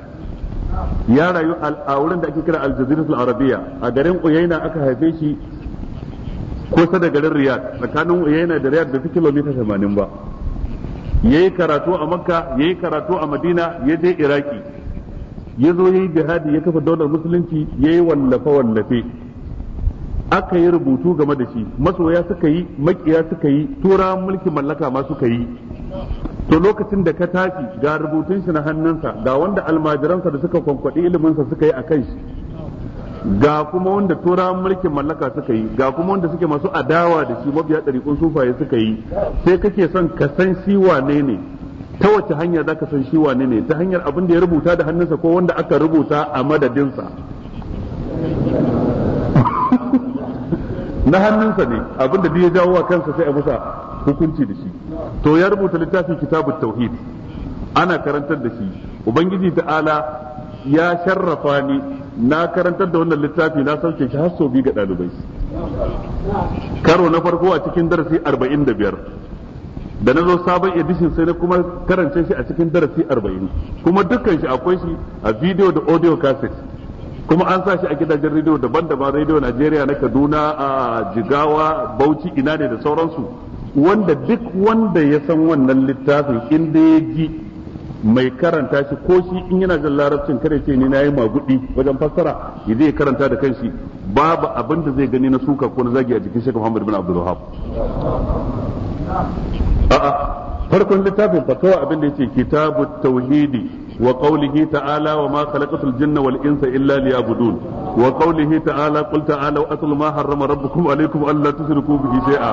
ya rayu a wurin da ake kira aljaziratul arabiya a garin uyaina aka haife shi kusa da garin riyad tsakanin uyaina da riyad da fi kilomita tamanin ba ya yi karatu a makka ya yi karatu a madina ya je iraki ya zo ya yi jihadi ya kafa daular musulunci ya yi wallafe-wallafe aka yi rubutu game da shi masoya suka yi makiya suka yi tura mulki mallaka ma suka yi to lokacin da ka tafi ga rubutun shi na hannunsa ga wanda almajiransa da suka kwankwaɗi iliminsa suka yi a kan shi ga kuma wanda tura mulki mallaka suka yi ga kuma wanda suke masu adawa da shi mabiya ɗariƙun sufaye suka yi sai kake son ka san shi wane ne ta wace hanya za ka san shi wane ne ta hanyar abin da ya rubuta da hannunsa ko wanda aka rubuta a madadinsa na hannunsa ne abinda da ya jawo wa kansa sai a musa hukunci da shi to ya rubuta littafin kitabut tauhid ana karantar da shi ubangiji ta'ala ya sharrafa ni na karantar da wannan littafi na sauke shi har sau biyu ga ɗalibai karo na farko a cikin darasi 45 da na zo sabon edition sai na kuma karance shi a cikin darasi 40 kuma dukkan shi akwai shi a video da audio cassette kuma an sa shi a gidajen rediyo daban-daban rediyo Najeriya na Kaduna a Jigawa Bauchi ina ne da sauransu wanda duk wanda ya san wannan littafin inda ya ji mai karanta shi ko shi in yana jin larabcin kare ce ni yi magudi wajen fassara ya zai karanta da kanshi babu abin da zai gani na suka ko na zagi a jikin Sheikh Muhammad bin Abdul Wahab a'a farkon littafin fatawa abin da yake kitabut tauhidi وقوله تعالى وما خلقت الجن والإنس إلا ليعبدون وقوله تعالى قل تعالوا أتل ما حرم ربكم عليكم ألا تشركوا به شيئا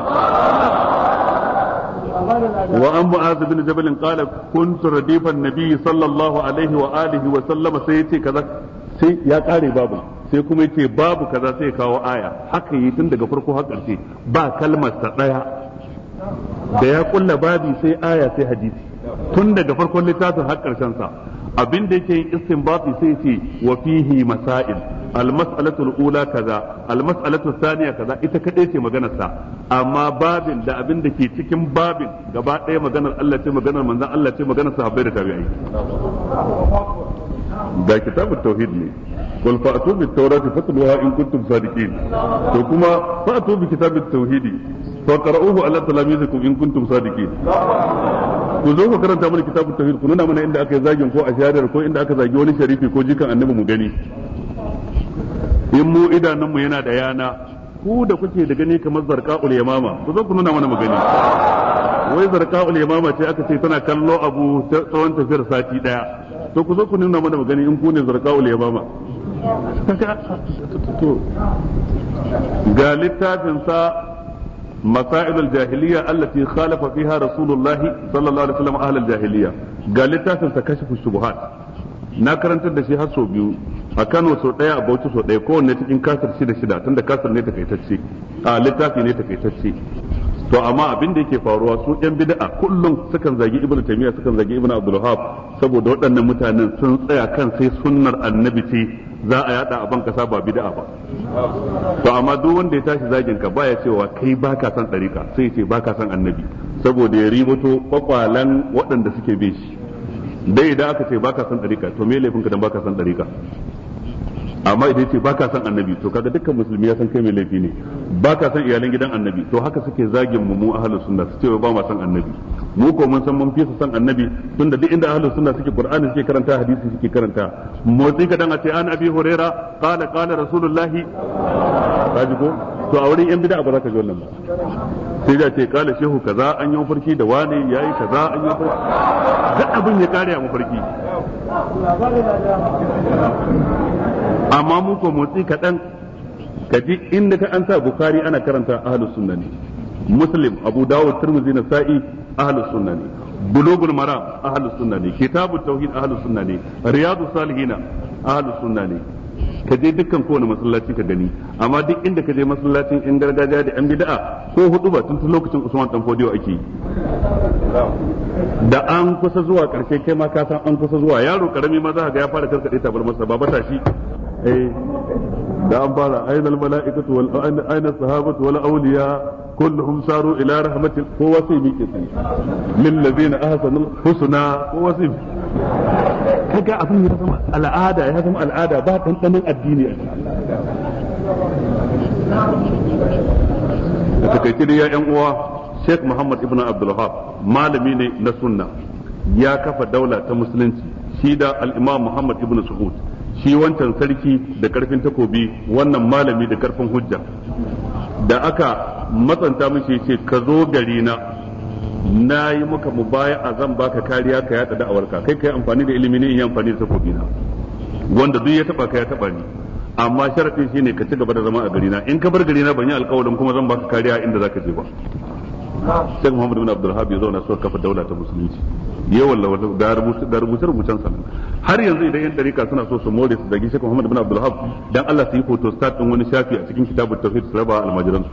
وعن معاذ بن جبل قال كنت رديف النبي صلى الله عليه وآله وسلم سيتي كذا sai ya kare babu sai kuma yace babu kaza sai kawo aya haka yi tun daga farko har ba kalmar ta daya da ya kulla babi sai aya sai hadisi tun daga farkon littafin har ƙarshen sa abin da yake yin istinbati sai ce wa fihi masail almas'alatu alula kaza almas'alatu thaniya kaza ita kadai ce maganar sa amma babin da abin da ke cikin babin gaba ɗaya maganar Allah ce maganar manzon Allah ce maganar sahabbai da tabi'ai da kitabut tauhid ne قل فأتوا بالتوراة فاتلوها إن كنتم صادقين وكما فأتوا بكتاب التوحيد fa qara'uhu ala talamizikum in kuntum sadiqin ku zo ku karanta mana kitabut tauhid ku nuna mana inda aka yi zagin ko a shahadar ko inda aka zagi wani sharifi ko jikan annabi mu gani in mu idanun mu yana da yana ku da kuke da gani kamar zarqa'ul yamama ku zo ku nuna mana mu gani wai zarqa'ul yamama ce aka ce tana kallo abu tsawon tafiyar sati daya to ku zo ku nuna mana mu gani in ku ne zarqa'ul yamama ga littafin sa مسائل الجاهلية التي خالف فيها رسول الله صلى الله عليه وسلم Ga الجاهلية قال لتاسن كشف الشبهات na karantar da shi har sau biyu a Kano sau ɗaya a Bauchi sau ɗaya kowanne cikin kasar shida shida tunda kasar ne takaitacce a littafi ne takaitacce to amma abin da yake faruwa su yan bid'a kullum sukan zagi ibnu taymiya sukan zagi ibnu abdul saboda waɗannan mutanen sun tsaya kan sai sunnar annabi ce za a yada a ban kasa ba bid'a ba to amma duk wanda ya tashi zagin ka baya cewa kai baka san dariƙa sai ya ce baka san annabi saboda ya ribato kwakwalan waɗanda suke bin shi dai idan aka ce baka san dariƙa to me laifin ka dan baka san dariƙa amma idan ce baka san annabi to kaga dukkan musulmi ya san kai mai laifi ne baka san iyalan gidan annabi to haka suke zagin mu mu ahlus sunna su ce ba ma san annabi mu ko mun san mun fi san annabi tunda duk inda ahlus sunna suke qur'ani suke karanta hadisi suke karanta motsi dan a ce an abi huraira qala qala rasulullahi kaji ko to a wurin yan bid'a ba za ka ji wannan ba sai da ce qala shehu kaza an yi mafarki da wani yayi kaza an yi mafarki duk abin ya kare a mafarki amma mu ko motsi kaɗan ka inda ka an sa bukari ana karanta ahlus sunna ne muslim abu dawud tirmidhi sa'i ahlus sunna ne bulugul maram ahlus sunna ne kitabut tauhid ahlus sunna ne riyadus salihina ahlus sunna ne ka je dukkan kowane masallaci ka gani amma duk inda ka je masallacin in gargajiya da yan bid'a ko hudu ba tun lokacin Usman dan Fodiyo ake da an kusa zuwa karshe kai ma ka san an kusa zuwa yaro karami ma za ka ga ya fara karkade tabar masa ba tashi eh da an fara ainal mala'ikatu wal ainal sahabatu wal awliya kulluhum saru ila rahmatil kowa sai miƙe sai lil ladina ahsanul husna kowa sai kaga abin ya zama al'ada ya zama al'ada ba dandanan addini a da takaice da yan uwa Sheikh Muhammad ibn Abdul malami ne na sunna ya kafa daula ta musulunci shi da al Muhammad ibn Suhud shi wancan sarki da karfin takobi wannan malami da karfin hujja da aka matsanta mishi ce ka zo gari na na yi maka mu baya a zan baka kariya ka yada da'awarka kai ka yi amfani da ilimi ne in yi amfani da takobi na wanda duk ya taba ka ya taba ni amma shi ne ka ci gaba da zama a gari na in ka bar gari na ban yi alkawarin kuma zan baka kariya inda zaka je ba Sheikh Muhammadu bin Abdul Habib ya zauna suka kafa daula ta musulunci ya wata da rubuce rubucen sa har yanzu idan yan dariƙa suna so su more su dagi Sheikh Muhammad bin Abdul don dan Allah su yi foto start din wani shafi a cikin kitabut tauhid su a almajiran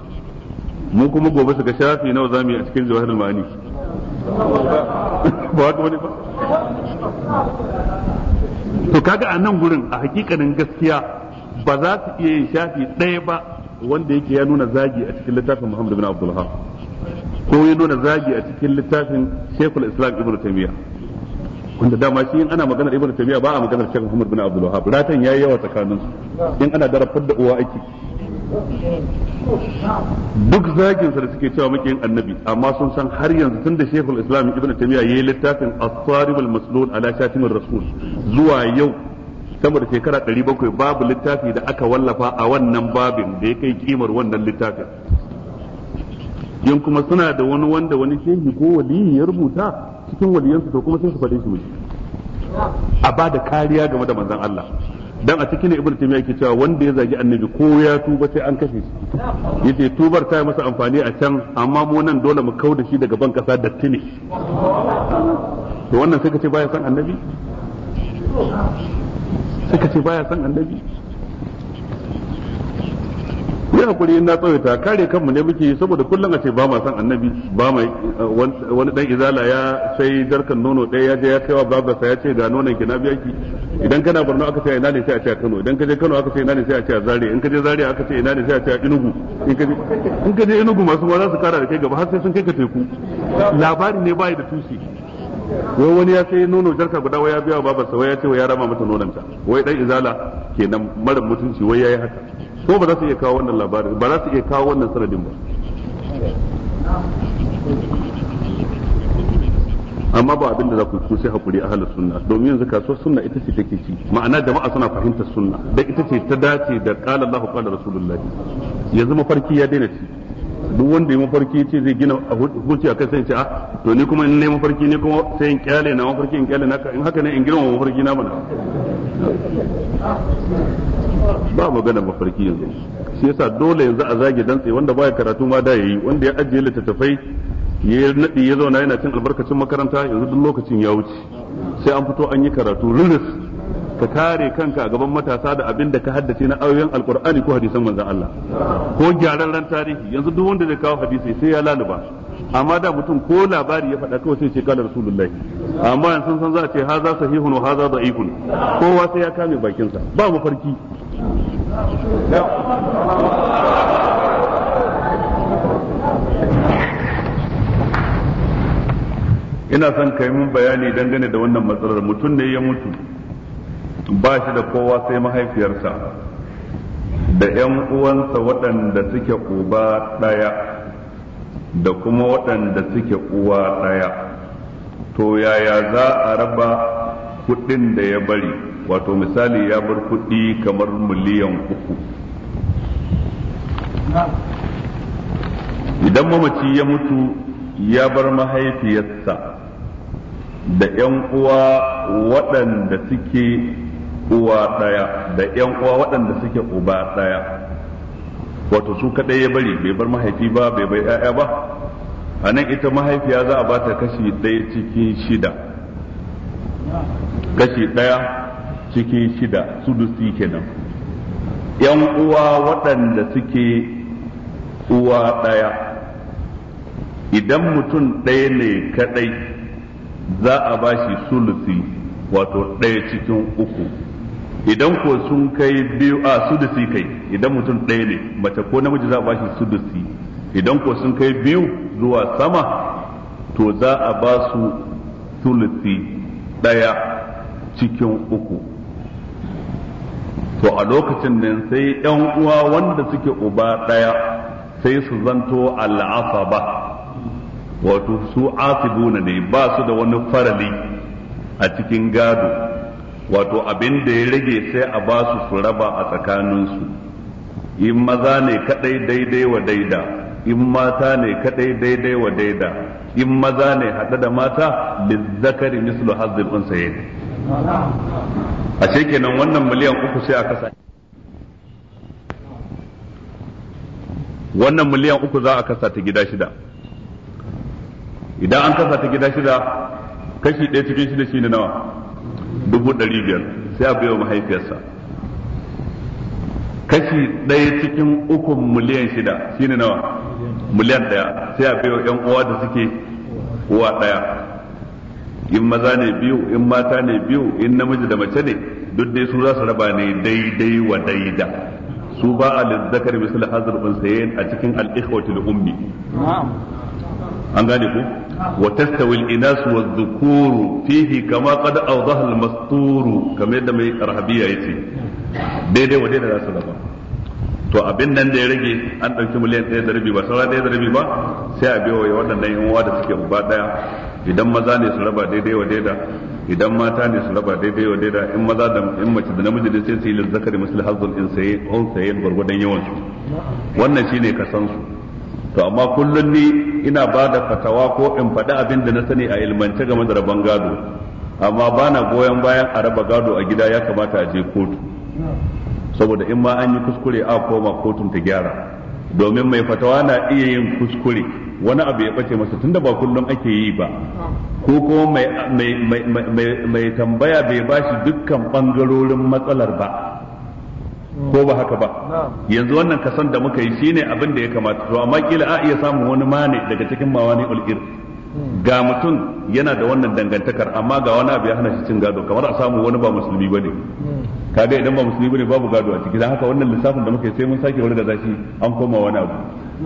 mu kuma gobe su ga shafi nawa zamu yi a cikin jihar almani ba haka wani ba to kaga a nan gurin a hakikanin gaskiya ba za su iya yin shafi ɗaya ba wanda yake ya nuna zagi a cikin littafin Muhammad bin Abdul ko ya nuna zagi a cikin littafin Sheikhul Islam Ibn Taymiyyah wanda dama shi in ana maganar Ibn Taymiyyah ba a maganar Sheikh Muhammad bin Abdul Wahhab ratan yayi yawa tsakanin su in ana darafar da uwa aiki. duk zagin sa da suke cewa muke yin annabi amma sun san har yanzu tunda Sheikhul Islam Ibn Taymiyyah yayi littafin At-Tarib al-Maslul ala Shatim rasul zuwa yau sama da shekara 700 babu littafi da aka wallafa a wannan babin da ya kai kimar wannan littafin Yan kuma suna da wani wanda wani shehi ko waliyi ya rubuta cikin waliyansu to kuma sai su fade shi mu a ba da kariya game da manzon Allah dan a cikin ibn timiya yake cewa wanda ya zagi annabi ko ya tuba sai an kashe shi yace tubar ta masa amfani a can amma mu nan dole mu kauda shi daga ban kasa da tini to wannan sai ka ce baya san annabi sai ce baya san annabi yi hakuri in na tsawaita kare kanmu ne muke saboda kullum a ce ba ma san annabi ba ma eh, wani dan izala ya sai jarkan nono ɗaya ya je ya kaiwa babarsa ya ce ga nonon ki na biya ki idan kana Borno aka ce ina ne sai a ce a Kano idan ka je Kano aka ce ina ne sai a ce a Zaria in ka je Zaria aka ce ina ne sai a ce a Enugu in ka je Enugu masu ma za su kara da kai gaba har sai sun kai ka teku Labarin ne bai da tusi wai wani ya sai nono jarka guda wai ya biya babarsa wai ya ce wai ya rama mata nononta wai dan izala kenan mara mutunci wai yayi haka ko ba za su iya kawo wannan labarin ba za su iya kawo wannan sanadin ba amma ba abin da za ku sai hakuri a halar sunna domin yanzu kaso sunna ita ce take ci ma'ana jama'a suna fahimtar sunna da ita ce ta dace da qala Allahu qala Rasulullah yanzu mafarki ya daina ci duk wanda ya mafarki ce zai gina hukunci akai sai ya ce a ah, to ni kuma in ne mafarki ne kuma sai in kyale na mafarki in kyale na in haka ne in girma mafarki na mana ba magana mafarki yanzu shi yasa dole yanzu a zage dantse wanda baya karatu ma da yayi wanda ya ajiye littattafai ya nadi ya zauna yana cin albarkacin makaranta yanzu duk lokacin ya wuce sai an fito an yi karatu rilis ka kare kanka a gaban matasa da abin da ka haddace na ayoyin alkur'ani ko hadisan manzon Allah ko gyararren tarihi yanzu duk wanda zai kawo hadisi sai ya laluba amma da mutum ko labari ya faɗa kawai sai ce kala rasulullahi amma yanzu san za a ce haza sahihun wa haza da'ifun kowa sai ya kame bakin sa ba mafarki ina son kai mun bayani dangane da wannan matsalar mutum ne ya mutu ba shi da kowa sai mahaifiyarsa da 'yan uwansa waɗanda suke uba ɗaya da kuma waɗanda suke uwa ɗaya to yaya za a raba kuɗin da ya bari wato misali ya bar kuɗi kamar miliyan uku idan mamaci ya mutu ya bar mahaifiyarsa da 'yan uwa waɗanda suke uwa ɗaya da 'yan uwa waɗanda suke uba ɗaya wato su kadai ya bari bai bar mahaifi ba bai bai ƴaƴa ba a nan ita mahaifiya za a ba ta kashi ɗaya cikin shida kashi ɗaya cikin shida sudusi kenan yan uwa waɗanda suke uwa ɗaya idan mutum ɗaya ne kadai za a ba shi sulusi wato ɗaya cikin uku idan ko sun kai biyu a sudusi kai idan mutum ɗaya ne mace ko namiji za a bashi sudusi idan ko sun kai biyu zuwa sama to za a ba su sulusi ɗaya cikin uku to a lokacin da sai yan uwa wanda suke uba ɗaya sai su zanto al'afa ba wato su asibuna ne ba su da wani farali a cikin gado wato abin da ya rage sai a ba su su raba a tsakaninsu in maza ne kadai daidai wa daida in mata ne kadai daidai wa daida in maza ne haɗe da mata zakari mislu hazzin ɗin saye a kenan wannan miliyan uku sai a kasa wannan miliyan uku za a kasa ta gida shida idan an kasa ta gida shida kashi ɗaya cikin shida shi ne nawa dubu ɗari biyar sai a bai mahaifiyarsa kashi ɗaya cikin ukun miliyan shida shine nawa miliyan ɗaya sai a bai ƴan uwa da suke uwa ɗaya in maza ne biyu in mata ne biyu in namiji da mace ne duk dai su za su raba ne daidai wa daida su ba a lizzakar misali hazar unsayen a cikin al'ikhwatul ummi an gane ku وتستوي الإناث والذكور فيه كما قد أوضح المسطور كما يدى مي رهبية يتي دي دي ودي ناس to abin nan da ya rage an ɗauki miliyan ɗaya da rabi ba saura ɗaya da rabi ba sai a biyo waɗannan yan uwa da suke uba ɗaya idan maza ne su raba daidai wa daida idan mata ne su raba daidai wa daida in maza da in mace da namiji ne sai su yi lizzakari misali hazzul in saye on saye gwargwadon yawan su wannan shine kasan su to amma kullum ni ina ba da fatawa ko in faɗi abin da na sani a ilmance game da rabon gado amma ba na goyon bayan a raba gado a gida ya kamata a je kotu saboda in ma an yi kuskure a koma kotun ta gyara domin mai fatawa na iya yin kuskure wani abu ya ɓace masa tunda ba kullum ake yi ba ko kuma mai tambaya bai bashi dukkan ɓangarorin matsalar ba ko ba haka ba yanzu wannan kasan da muka yi shine abin da ya kamata to amma kila a iya samun wani mane daga cikin mawani ul'ir hmm. ga mutum yana da wannan dangantakar amma ga wani abu ya hana shi cin gado kamar a samu wani ba musulmi bane hmm. kaga idan ba musulmi bane babu gado a ciki dan haka wannan lissafin da muka yi sai mun sake wani da zashi an koma wani abu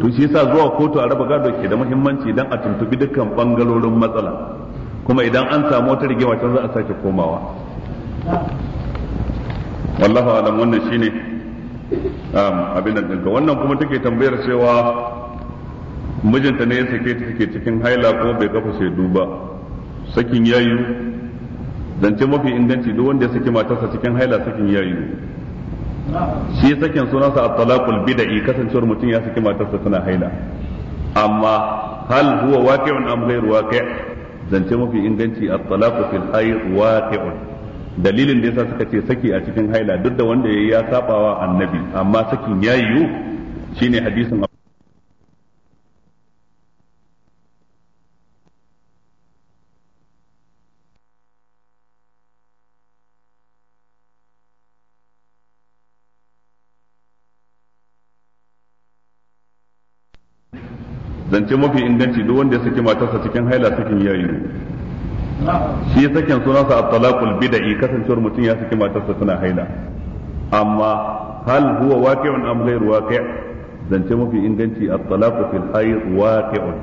to shi yasa zuwa kotu a raba gado ke da muhimmanci dan a tuntubi dukkan bangalorin matsala kuma idan an samu wata rigewa can za a sake komawa wallahu alam wannan shine um, abin da ɗinka wannan kuma take tambayar cewa mijinta ne ya sake ta take cikin haila ko bai kafa shaidu ba sakin yayu zance mafi inganci duk wanda ya saki matarsa cikin haila sakin yayu shi sakin sunansa at-talaqul bid'i kasancewar mutum ya saki matarsa tana haila amma hal huwa waqi'un am ghayr waqi' zance mafi inganci at-talaqu fil hayd waqi'un dalilin da yasa suka ce saki a cikin haila duk da wanda yayi ya sabawa annabi amma sakin ya yiwu shine hadisin zance mafi inganci duk wanda ya saki matarsa cikin haila sakin ya yiwu shi sakin sunansa a talaqul bida'i kasancewar mutum ya saki matarsa tana haila amma hal huwa waqi'un am ghayr waqi' zance mafi inganci a talaqu fil hayd waqi'un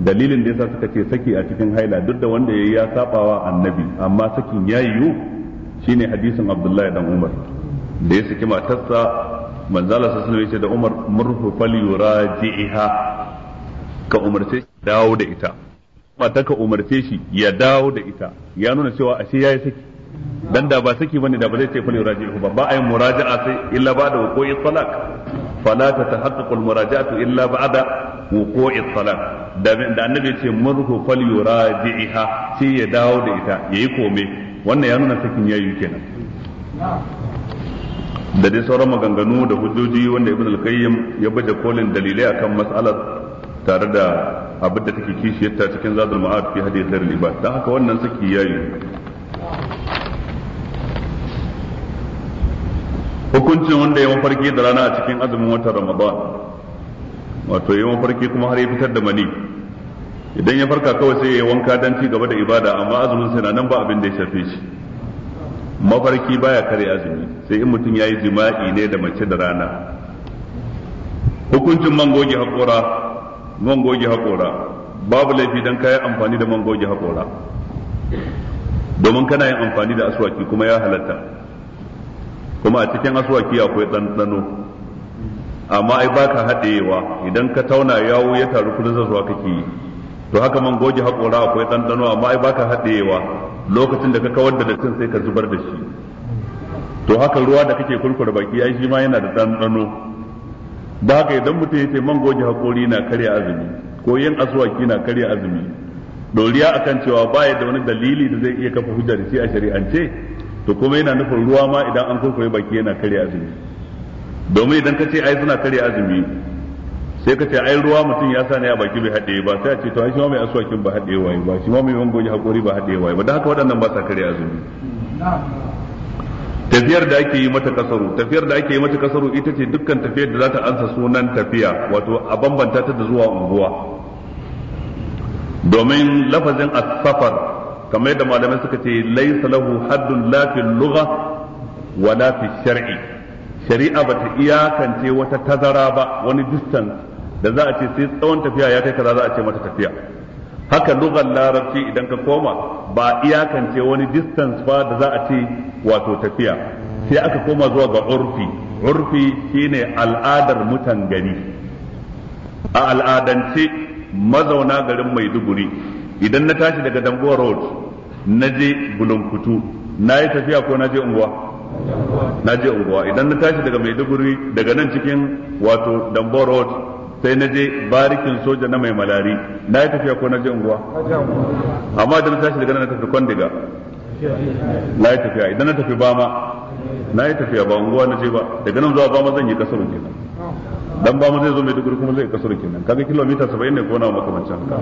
dalilin da yasa suka ce saki a cikin haila duk da wanda yayi ya sabawa annabi amma sakin ya yiwu shine hadisin Abdullahi dan Umar da ya saki matarsa manzala sallallahu alaihi wasallam da Umar murhu fal yuraji'iha ka umarce dawo da ita mata ka umarce shi ya dawo da ita ya nuna cewa ashe yayi saki dan da ba saki bane da ba zai ce fa yuraji'u ba ba ayin muraja'a sai illa ba da wuqo'i talaq fala a almuraja'atu illa ba'da wuqo'i talaq da da annabi ce murhu fal yuraji'iha sai ya dawo da ita yayi kome wannan ya nuna sakin yayi kenan da dai sauran maganganu da hujjoji wanda ibn al-qayyim ya baje kolin dalilai akan mas'alar tare da abin da take kishiyarta cikin zadul ma'ad fi hadi da ibad dan haka wannan saki yayi hukuncin wanda ya mafarki da rana a cikin azumin watan ramadan wato ya mafarki kuma har ya fitar da mani idan ya farka kawai sai ya wanka dan ci gaba da ibada amma azumin sai na nan ba abin da ya shafe shi mafarki baya kare azumi sai in mutum ya yi jima'i ne da mace da rana hukuncin man goge haƙora man haƙora babu laifi dan kayi amfani da mangogi haƙora domin kana yin amfani da aswaki kuma ya halatta kuma a cikin aswaki akwai ɗanɗano amma ai ba ka haɗewa idan ka tauna yawo ya taru kudin zazzawa kake yi to haka man goge haƙora akwai ɗanɗano amma ai ba ka haɗewa lokacin da ka kawar da dattin sai ka zubar da shi to haka ruwa da kake kurkure baki ai shi ma yana da ɗanɗano Ba haka idan mutum ya ce man goge hakori na karya azumi ko yin aswaki na karya azumi doriya akan cewa baya da wani dalili da zai iya kafa hujjar shi a shari'ance to kuma yana nufin ruwa ma idan an kurkure baki yana karya azumi domin idan ka ce ai suna karya azumi sai ka ce ai ruwa mutum ya sa ne a baki bai haɗe ba sai a ce to ai shi ma mai aswakin ba haɗe waye ba shi ma mai man goge hakori ba haɗe waye ba da haka waɗannan ba sa karya azumi tafiyar da ake yi mata kasaru tafiyar da ake yi mata kasaru ita ce dukkan tafiyar da za ta ansa sunan tafiya wato a bambanta ta da zuwa unguwa domin lafazin as-safar kamar yadda malamai suka ce laysa lahu haddun la fil lugha wa la fi shar'i shari'a bata iyakance wata tazara ba wani distance da za a ce sai tsawon tafiya ya kai kaza za a ce mata tafiya haka lugar larabci idan ka koma ba iyakance wani distance ba da za a ce wato tafiya sai aka koma zuwa ga urfi urfi shine al'adar mutan gari a al'adance mazauna garin maiduguri idan na tashi daga dambuwa road na je bulunkutu na yi tafiya ko na je unguwa na je unguwa idan na tashi daga maiduguri daga nan cikin wato dambuwa road sai na je barikin soja na mai malari na yi tafiya ko na je unguwa amma idan na tashi daga na tafi kwandiga na yi tafiya idan na tafi bama na yi tafiya ba unguwa na je ba daga nan zuwa bama zan yi kasarun kenan dan bama zai zo mai duguri kuma zai kasarun kenan kaga kilomita 70 ne ko makamancin haka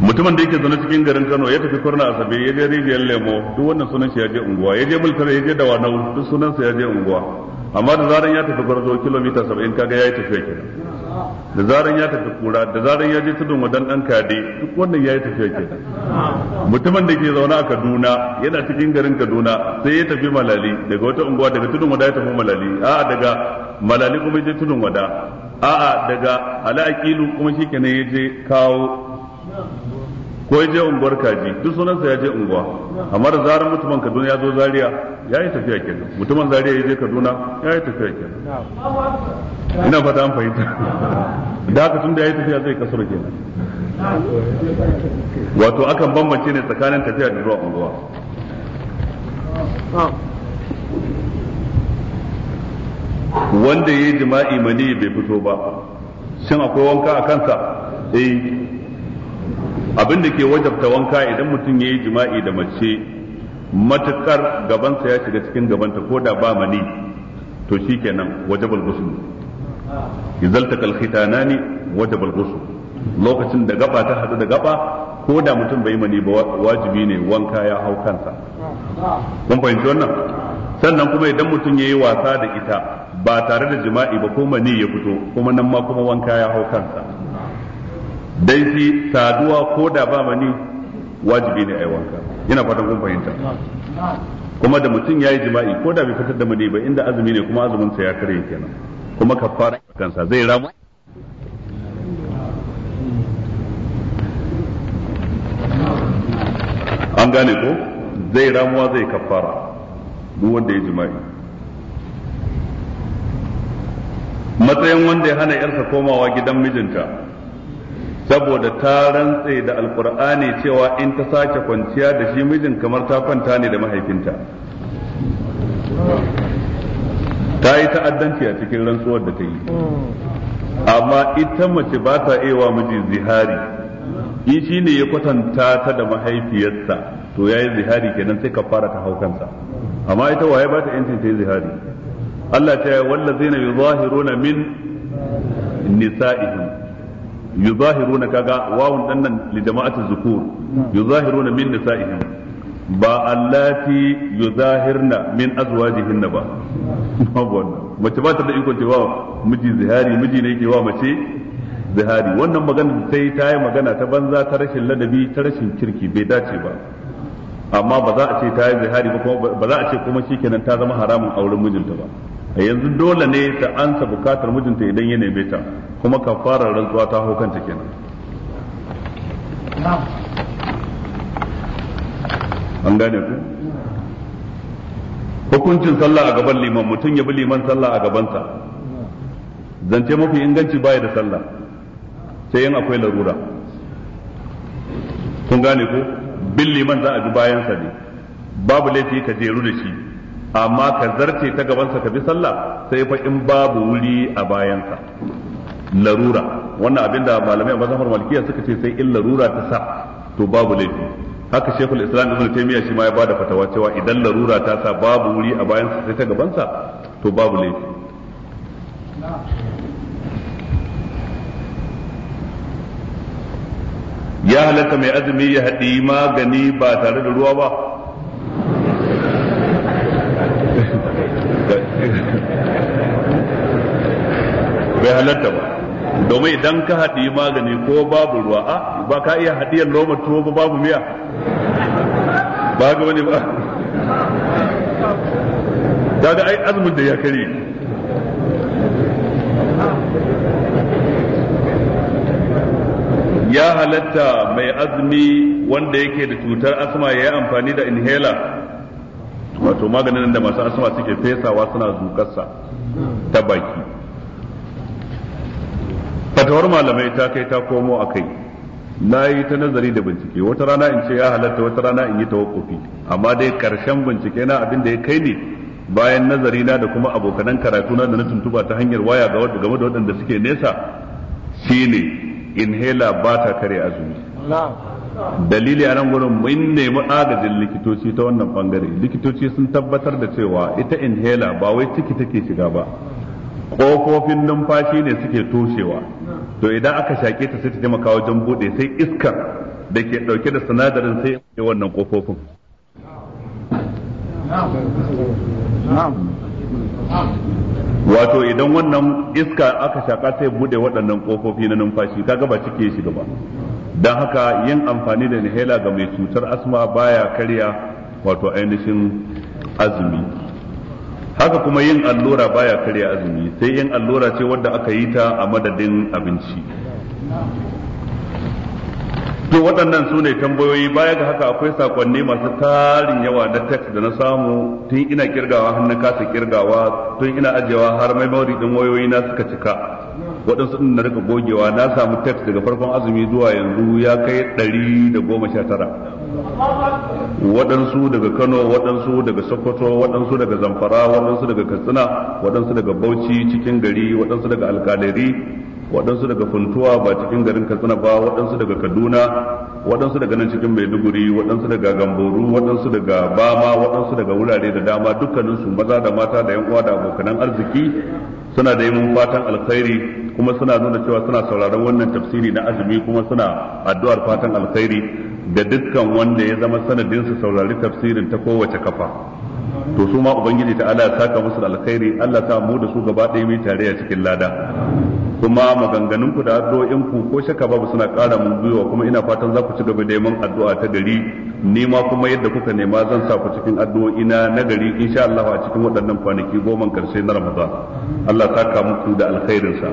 mutumin da yake zaune cikin garin Kano ya tafi kurna asabe ya je rijiyar lemo duk wannan sunan shi ya je unguwa ya je multara ya je dawanau duk sunan sa ya je unguwa amma da zaran ya tafi gwarzo kilomita 70 kaga ya yi tafiya kenan da zaran ya tafi kura da zaran ya je tudun wadan dan kade duk wannan ya yi tafiya kenan mutumin da ke zaune a Kaduna yana cikin garin Kaduna sai ya tafi Malali daga wata unguwa daga tudun wada ya tafi Malali a'a daga Malali kuma ya je tudun wada a'a daga Ala kuma kuma ne ya je kawo ko ya je unguwar kaji duk sunansa ya je unguwa amma da zarar mutumin kaduna ya zo zaria ya yi tafiya kenan mutumin zaria ya je kaduna ya yi tafiya kenan ina fata an fahimta da haka tun da ya yi tafiya zai kasar kenan wato akan bambance ne tsakanin tafiya da zuwa unguwa wanda ya yi jima'i mani bai fito ba shin akwai wanka a kansa eh abin da ke wajabta wanka idan mutum ya yi jima'i da mace matukar gabansa ya shiga cikin gabanta ko da ba mani to shi kenan wajabal gusul izalta na ne wajabal gusul lokacin da gaba ta hadu da gaba ko da mutum bai mani ba wajibi ne wanka ya hau kansa kun fahimci wannan sannan kuma idan mutum ya yi wasa da ita ba tare da jima'i ba ko mani ya fito kuma nan ma kuma wanka ya hau kansa dan shi saduwa ko da ba mani wajibi ne a yi wanka ina fatan kun fahimta kuma da mutum ya yi jima'i ko da bai fitar da mani ba inda azumi ne kuma azumin sa ya kare kenan kuma kafara kansa zai ramu an gane ko zai ramuwa zai kafara duk wanda ya jima'i matsayin wanda ya hana yarsa komawa gidan mijinta saboda ta rantse da alkur'ani cewa in ta sake kwanciya da shi mijin kamar ta kwanta ne da mahaifinta ta yi ta'addanci a cikin rantsuwar da ta yi amma ita mace ba ta iya wa miji zihari in shi ne ya kwatanta ta da mahaifiyarsa to ya yi zihari kenan sai ka fara ta haukansa amma ita waye ba ta yancin ta yi zihari Allah ta yi wallazina yuzahiruna min nisa'ihim يظاهرون kaga واو دنن لجماعه الذكور يظاهرون من نسائهم min nisa'ihim ba من ازواجهن min azwajihinna ba babu wannan mace ba ta da ikon cewa miji zihari miji ne yake wa mace zihari wannan magana sai ta yi magana ta banza ta rashin ladabi ta rashin kirki bai dace ba amma ba za a ce ta yi zihari ba ba za a ce kuma shikenan ta zama haramun auren mijinta ba yanzu dole ne ta ansa bukatar mijinta idan ya neme ta kuma kafarar rantsuwa ta hau kanta kenan an gane ku hukuncin sallah a gaban liman mutum ya bi liman sallah a gabansa zance mafi inganci baya da sallah sai yin akwai larura kun gane ku bin liman za a bi bayansa ne babu laifi ka jeru da shi amma ka zarce ta gabansa ka bi sallah sai fa in babu wuri a bayansa larura wannan abinda malamai a mazhabar malikiya suka ce sai in larura ta sa to babu laifi haka shekul islam ibn taymiya shi ma ya bada fatawa cewa idan larura ta sa babu wuri a bayansa sai ta gabansa to babu laifi ya halatta mai azumi ya haɗi magani ba tare da ruwa ba bai halatta ba domin idan ka haɗi magani ko babu ruwa a ba ka iya haɗiyar lomar tuwo ba babu miya ba ga wani ba kaga ai azumin da ya kare ya halatta mai azumi wanda yake da cutar asma ya yi amfani da inhaler wato maganin da masu asma suke fesawa suna zukarsa ta baki fatawar malamai ta kai ta komo a kai na yi ta nazari da bincike wata rana in ce ya halatta wata rana in yi tawakkufi amma dai karshen bincike na abin da ya kai ne bayan nazari na da kuma abokanan karatu na da na tuntuba ta hanyar waya ga wadda game da waɗanda suke nesa shine inhaler ba ta kare azumi dalili a nan gurin mun nemi agajin likitoci ta wannan bangare likitoci sun tabbatar da cewa ita inhaler ba wai ciki take shiga ba ƙofofin numfashi ne suke toshewa to idan aka shaƙe ta sai ta taimaka wajen buɗe sai iskar da ke ɗauke da sinadarin sai ya wannan ƙofofin wato idan wannan iska aka shaƙa sai buɗe waɗannan ƙofofi na numfashi kaga ba cike shiga ba don haka yin amfani da inhaler ga mai cutar asma baya karya wato ainihin azumi haka kuma yin allura baya karya azumi sai yin allura ce wadda aka yi ta a madadin abinci to waɗannan su ne tambayoyi baya ga haka akwai sakonni masu tarin yawa na text da na samu tun ina kirgawa har na kasa kirgawa tun ina ajewa har memory din wayoyi na suka cika waɗansu ɗin na rika gogewa na samu text daga farkon azumi zuwa yanzu ya kai ɗari da goma sha tara waɗansu daga kano waɗansu daga sokoto waɗansu daga zamfara waɗansu daga katsina waɗansu daga bauchi cikin gari waɗansu daga Alkaleri, waɗansu daga funtuwa ba cikin garin katsina ba waɗansu daga kaduna waɗansu daga nan cikin maiduguri waɗansu daga gamboru waɗansu daga bama waɗansu daga wurare da dama dukkaninsu maza da mata da yan uwa da abokanan arziki suna da yin fatan alkhairi kuma suna nuna cewa suna sauraron wannan tafsiri na azumi kuma suna addu'ar fatan alkhairi da dukkan wanda ya zama sanadin su saurari tafsirin ta kowace kafa to su ma ubangiji ta Allah saka musu alkhairi Allah ta mu da su gaba ɗaya mai tare a cikin lada kuma maganganun ku da addu'o'in ku ko shakka babu suna ƙara mun gwiwa kuma ina fatan za ku ci gaba da neman addu'a ta gari ni ma kuma yadda kuka nema zan sa ku cikin addu'o'i na nagari insha Allah a cikin waɗannan kwanaki goma karshe na Ramadan Allah saka muku da sa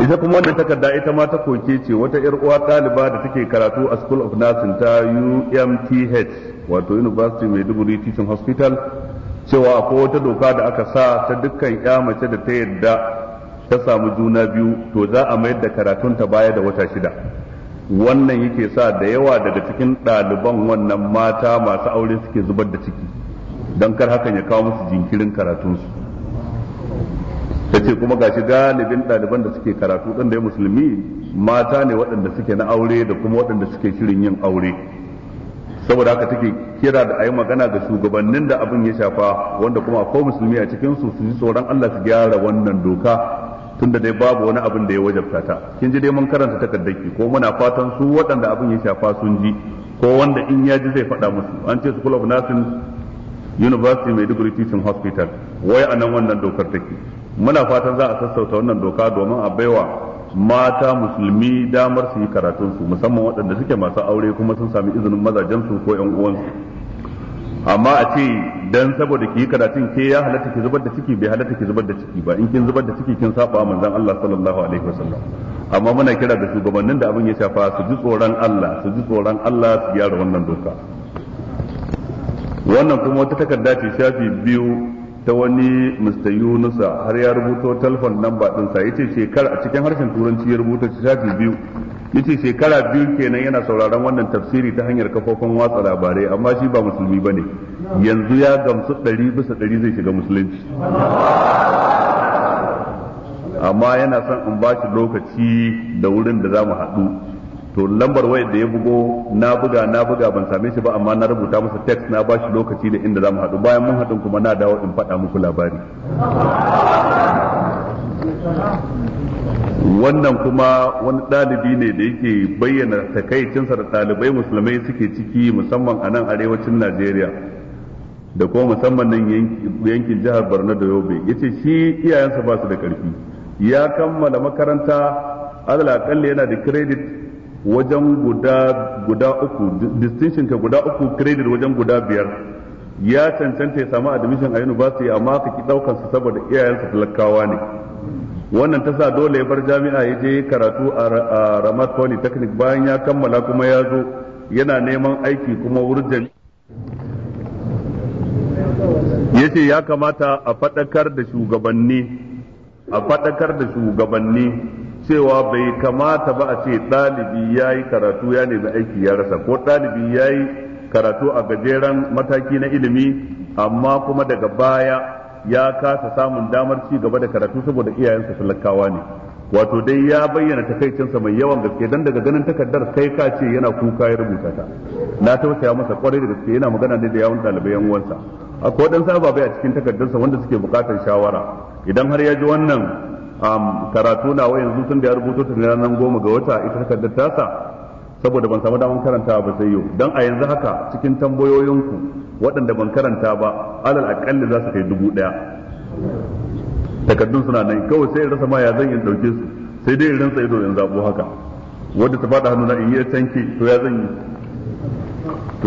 ita kuma wanda takarda ita ma ta koke ce wata yar uwa ɗaliba da take karatu a School of Nursing ta UMTH wato University Maiduguri Teaching Hospital cewa akwai wata doka da aka sa ta dukkan ya mace da ta yadda ta samu juna biyu to za a mayar da karatunta baya da wata shida wannan yake sa da yawa daga cikin ɗaliban wannan mata masu aure suke zubar da ciki don kar hakan ya kawo musu jinkirin karatunsu ta ce kuma shi galibin ɗaliban da suke karatu ɗin da ya musulmi mata ne waɗanda suke na aure da kuma waɗanda suke shirin yin aure saboda haka take kira da a yi magana ga shugabannin da abin ya shafa wanda kuma akwai musulmi a cikin su su ji tsoron Allah su gyara wannan doka tun da dai babu wani abin da ya wajabta ta kin ji dai mun karanta ki ko muna fatan su waɗanda abin ya shafa sun ji ko wanda in ya ji zai faɗa musu an ce school of nursing university maiduguri teaching hospital wai anan wannan dokar take muna fatan za a sassauta wannan doka domin a baiwa mata musulmi damar su yi karatun su musamman waɗanda suke masu aure kuma sun sami izinin mazajen su ko yan uwansu amma a ce dan saboda ki yi karatun ke ya halatta ki zubar da ciki bai halatta ki zubar da ciki ba in kin zubar da ciki kin saba manzon Allah sallallahu alaihi wasallam amma muna kira da shugabannin da abin ya shafa su ji tsoron Allah su ji tsoron Allah su gyara wannan doka wannan kuma wata takarda ce shafi biyu ta wani mista Yunusa har ya rubuto telefon namba ɗinsa ya ce shekara a cikin harshen turanci ya rubuta shafi biyu yace shekara biyu kenan yana sauraron wannan tafsiri ta hanyar kafofin watsa labarai amma shi ba musulmi bane yanzu ya gamsu ɗari bisa ɗari zai shiga musulunci amma yana son in ba shi lokaci da wurin da za mu haɗu to lambar wayar da ya bugo na buga na buga ban same shi ba amma na rubuta masa text na bashi lokaci da inda zamu haɗu bayan mun haɗu kuma na dawo in faɗa muku labari wannan kuma wani ɗalibi ne da yake bayyana takaicinsa da ɗalibai musulmai suke ciki musamman a nan arewacin najeriya da kuma musamman nan yankin jihar borno da yobe ya ce shi iyayensa ba su da ƙarfi ya kammala makaranta alal yana da credit wajen guda guda uku distinction ka guda uku credit wajen guda biyar ya cancanta ya samu admission a university amma ka ki daukar sa saboda iyayensa talakawa ne wannan ta sa dole ya bar jami'a ya je karatu a Ramat Polytechnic bayan ya kammala kuma ya zo yana neman aiki kuma wurin ce ya kamata a faɗakar da shugabanni a faɗakar da shugabanni cewa bai kamata ba a ce ɗalibi ya yi karatu ya nemi aiki ya rasa ko ɗalibi ya yi karatu a gajeren mataki na ilimi amma kuma daga baya ya kasa samun damar ci gaba da karatu saboda iyayensa talakawa ne wato dai ya bayyana takaicinsa mai yawan gaske dan daga ganin takardar kai ka ce yana kuka ya rubuta ta na tausaya masa kwarai da gaske yana magana ne da yawon ɗalibai yan uwansa akwai waɗansu ababai a cikin takardarsa wanda suke buƙatar shawara idan har ya ji wannan karatu na wa yanzu tun da ya rubuto ta ranar goma ga wata ita takardar tasa saboda ban samu damar karanta ba sai yau dan a yanzu haka cikin tambayoyinku waɗanda ban karanta ba alal aƙalli za su kai dubu ɗaya takardun suna nan kawai sai in rasa ma ya zan yi ɗauke su sai dai in rinsa ido in zabo haka wadda ta faɗa hannu na in yi tanki to ya zan yi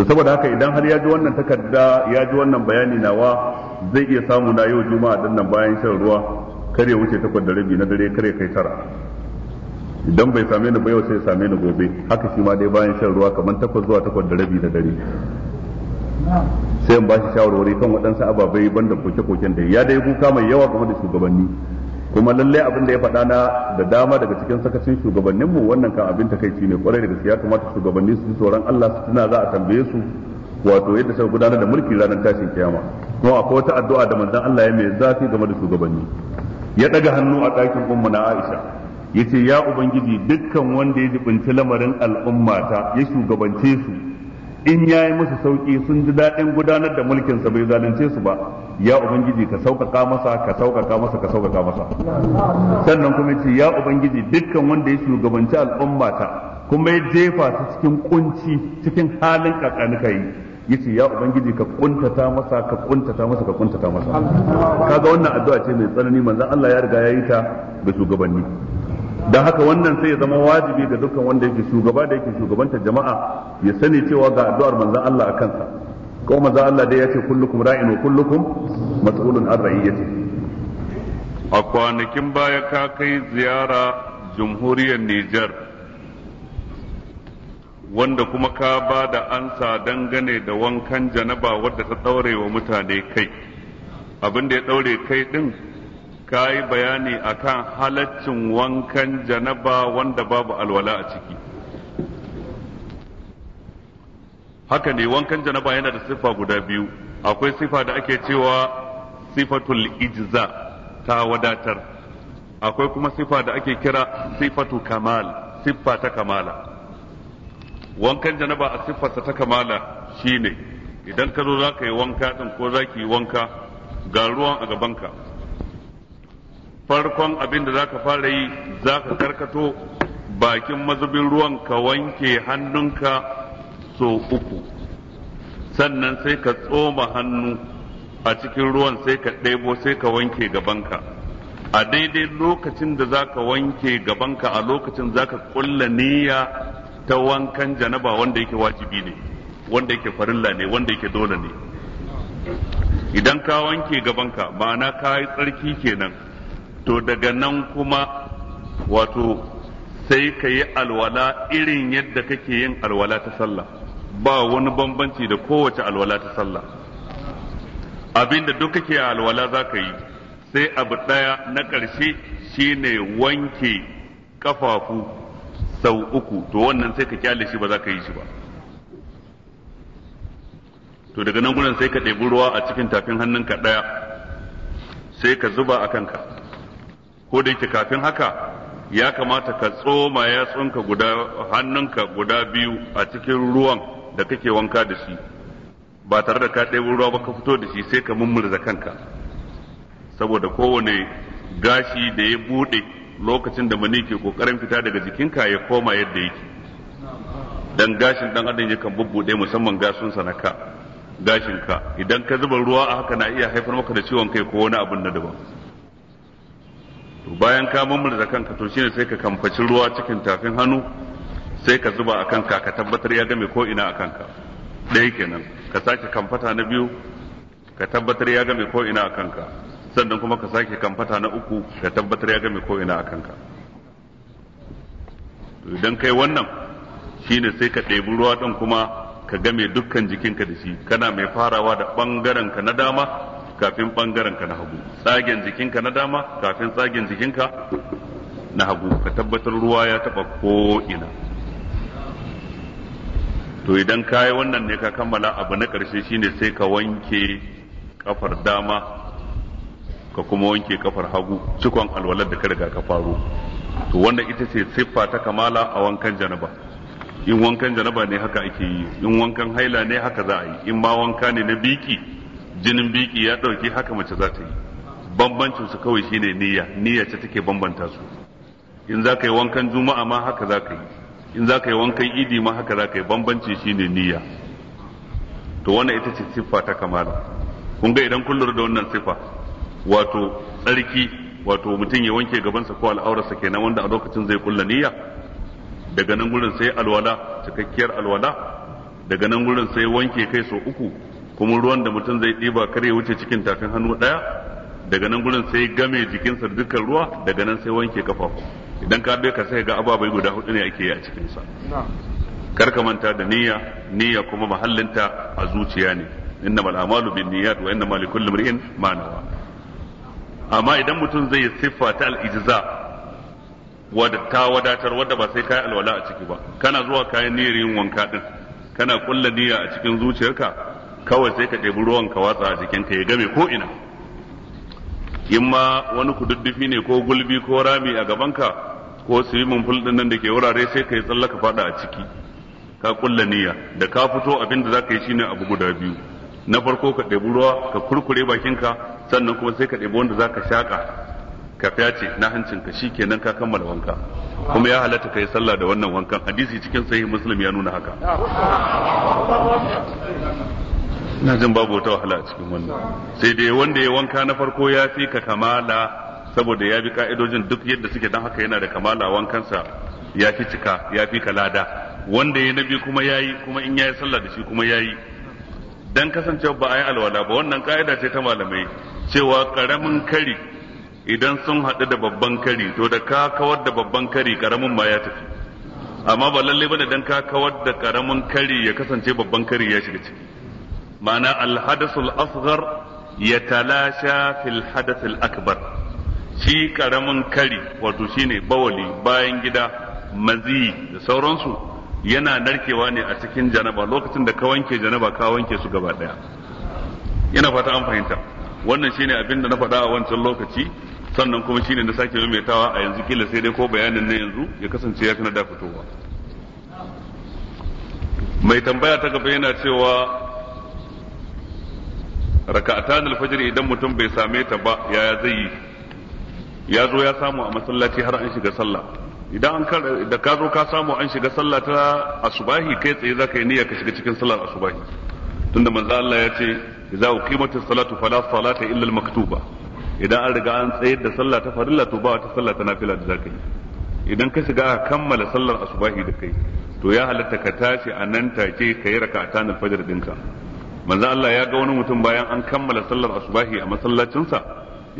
to saboda haka idan har ya ji wannan takarda ya ji wannan bayani nawa zai iya samu na yau juma'a dan nan bayan shan ruwa kare wuce takwas da rabi na dare kare kai tara idan bai same ni ba yau sai same ni gobe haka shi ma dai bayan shan ruwa kamar takwas zuwa takwas da rabi na dare sai in ba shi shawarwari kan waɗansu ababai banda koke-koken da ya dai kuka mai yawa game da shugabanni kuma lallai abin da ya faɗa na da dama daga cikin sakacin shugabanninmu wannan kan abin ta takaici ne kwarai da gaske ya kamata shugabanni su ji tsoron Allah su tuna za a tambaye su wato yadda suka gudanar da mulki ranar tashin kiyama kuma akwai wata addu'a da manzon Allah ya mai zafi game da shugabanni ya daga hannu a ɗakin umma na Aisha ya ce ya ubangiji dukkan wanda ya jibinci lamarin al'ummata ya shugabance su in ya yi musu sauƙi sun ji daɗin gudanar da mulkin sa bai zalunce su ba ya ubangiji ka sauƙaƙa masa ka sauƙaƙa masa ka sauƙaƙa masa sannan kuma ya ce ya ubangiji dukkan wanda ya shugabanci al'ummata kuma ya jefa su cikin kunci cikin halin kakanuka yace ya ubangiji ka kuntata masa ka kuntata masa ka kuntata masa kaga wannan addu'a ce mai tsanani manzon Allah ya riga ya yi ta ga shugabanni dan haka wannan sai ya zama wajibi ga dukkan wanda yake shugaba da yake shugabantar jama'a ya sani cewa ga addu'ar manzon Allah a kansa ko manzon Allah dai ya ce kullukum ra'in wa kullukum mas'ulun an ra'iyati a kwanakin baya ka kai ziyara jamhuriyar Nijar wanda kuma ka ba da ansa dangane da wankan janaba wadda ta ɗaure wa mutane kai abin da ya ɗaure kai ɗin ka yi bayani a kan halaccin wankan janaba wanda babu alwala a ciki haka ne wankan janaba yana da sifa guda biyu akwai siffa da ake cewa sifatul ijza ta wadatar akwai kuma sifa da ake kira sifatu kamal siffa ta kamala wankan janaba a siffarsa ta kamala shine idan ka zo za ka yi wanka din ko za ki yi wanka ga ruwan a gabanka farkon abin da za ka fara yi za ka karkato bakin mazubin ruwan ka wanke hannunka so uku sannan sai ka tsoma hannu a cikin ruwan sai ka ɗebo sai ka wanke gabanka a daidai lokacin da za ka wanke gabanka a lokacin za ka ƙulla niyya ta wankan janaba wanda yake wajibi ne wanda yake farilla ne wanda yake dole ne idan ka wanke gabanka ma'ana ka yi tsarki kenan to daga nan kuma wato sai ka yi alwala irin yadda kake yin alwala ta sallah ba wani bambanci da kowace alwala ta sallah Abin da duk kake alwala za ka yi sai abu ɗaya na ƙarshe shine wanke ƙafafu sau uku to wannan sai ka kyale shi ba za ka yi shi ba to daga nan gudan sai ka ɗebi ruwa a cikin tafin hannunka ɗaya sai ka zuba a kanka ko da yake kafin haka ya kamata ka tsoma yatsunka guda hannunka guda biyu a cikin ruwan da kake wanka da shi ba tare da ka ɗebi ruwa ba ka fito da shi sai ka mummurza kanka saboda kowane gashi da ya buɗe lokacin da mani ke kokarin fita daga jikinka ya koma yadda yake dan gashin dan adam yakan bubbude musamman gasun sa na ka gashin ka idan ka zuba ruwa a haka na iya haifar maka da ciwon kai ko wani abin na daban bayan ka mamurza kanka to shine sai ka kamfaci ruwa cikin tafin hannu sai ka zuba a kanka ka tabbatar ya game ko ina a kanka ɗaya kenan ka sake kamfata na biyu ka tabbatar ya game ko ina a kanka sannan kuma ka sake kamfata na uku ka tabbatar ya game ko'ina a kanka idan kai wannan shine sai ka ɗebi ruwa ɗin kuma ka game dukkan jikinka da shi kana mai farawa da ɓangarenka na dama kafin ɓangarenka na hagu tsagen jikinka na dama kafin tsagen jikinka na hagu ka tabbatar ruwa ya taɓa ko'ina to idan ka wannan ne ka kammala abu na ƙarshe shine sai ka wanke kafar dama ka kuma wanke kafar hagu cikon alwalar da ka riga ka faro to wanda ita ce siffa ta kamala a wankan janaba in wankan janaba ne haka ake yi in wankan haila ne haka za a yi in ma wanka ne na biki jinin biki ya ɗauki haka mace za ta yi bambancin su kawai shine niyya niyya ce take bambanta su in za ka yi wankan juma'a ma haka za ka yi in za ka yi wankan idi ma haka za ka yi bambanci shine niyya to wannan ita ce siffa ta kamala kun ga idan kun lura da wannan siffa wato tsarki wato mutum ya wanke gabansa ko al'aurarsa kenan wanda a lokacin zai kulla niyya daga nan gurin sai alwala cikakkiyar alwala daga nan gurin sai wanke kai so uku kuma ruwan da mutum zai ɗiba kar ya wuce cikin tafin hannu ɗaya daga nan gurin sai game jikinsa dukkan ruwa daga nan sai wanke kafafu idan ka ka sai ga ababai guda hudu ne ake yi a cikinsa kar ka manta da niyya niyya kuma mahallinta a zuciya ne innamal a'malu binniyat wa innamal likulli imrin ma nawa amma idan mutum zai yi siffa ta al'ijiza wadda ta wadatar wadda ba sai kayan alwala a ciki ba kana zuwa kayan niyyar yin wanka din kana kulla niyya a cikin zuciyarka kawai sai ka ɗebi ruwan ka watsa a ka ya game ko ina in ma wani kududdufi ne ko gulbi ko rami a gabanka ko swimming fulɗin nan da ke wurare sai ka yi tsallaka fada a ciki ka kulla niyya da ka fito abin da za ka yi shine abu guda biyu na farko ka ɗebi ruwa ka kurkure bakinka sannan kuma sai ka ɗebi wanda za ka shaƙa ka fyace na hancin ka shi kenan ka kammala wanka kuma ya halatta yi sallah da wannan wankan hadisi cikin sahih muslim ya nuna haka na jin babu wata wahala a cikin wannan sai dai wanda ya wanka na farko ya fi ka kamala saboda ya bi ka'idojin duk yadda suke dan haka yana da kamala wankansa ya fi cika ya fi ka lada wanda ya nabi kuma ya yi, kuma in ya yi sallah da shi kuma ya yi. dan kasancewa ba a yi alwala ba wannan ka'ida ce ta malamai cewa karamin kari idan sun haɗu da babban kari to da ka kawar da babban kari karamin ba ya tafi amma ba lalle bane dan ka kawar da karamin kari ya kasance babban kari ya shiga ciki ma'ana alhadasul asghar ya talasha fil hadathil akbar shi karamin kari wato shine bawali bayan gida mazi da sauransu yana narkewa ne a cikin janaba lokacin da ka wanke janaba ka wanke su gaba daya yana fata an fahimta wannan shine abin da na faɗa a wancan lokaci sannan kuma shine na sake maimaitawa a yanzu kila sai dai ko bayanin na yanzu ya kasance ya kana da fitowa mai tambaya ta gaba yana cewa raka'atan alfajr idan mutum bai same ta ba yaya zai yi ya zo ya samu a masallaci har an shiga sallah idan an da ka zo ka samu an shiga sallah ta asubahi kai tsaye zaka yi niyya ka shiga cikin sallar asubahi tunda manzo Allah ya ce idza uqimatis salatu fala salata illa al maktuba idan an riga an tsayar da sallah ta farilla to ba wata sallah ta nafila da zaka idan ka shiga kammala sallar asubahi da kai to ya halatta ka tashi a nan take ka yi na fajar dinka manzo Allah ya ga wani mutum bayan an kammala sallar asubahi a masallacinsa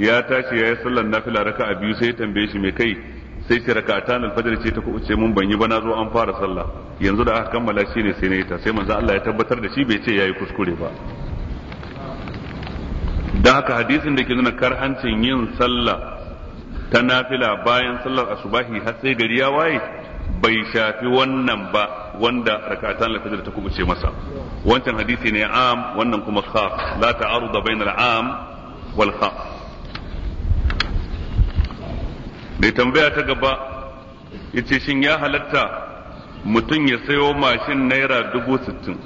ya tashi ya yi sallar nafila raka biyu sai ya tambaye shi mai kai sai ce a na fajar ce ta kuce mun ban yi ba na zo an fara sallah yanzu da aka kammala shine sai ne ta sai manzo Allah ya tabbatar da shi bai ce ya yi kuskure ba don haka hadisin da ke nuna karhancin yin sallah ta nafila bayan sallar asubahi har sai gari ya waye bai shafi wannan ba wanda rakatan da ta kubuce masa wancan hadisi ne am wannan kuma khas la ta'aruda bainal am wal khas da tambaya ta gaba yace shin ya halatta mutum ya sayo mashin naira dubu sittin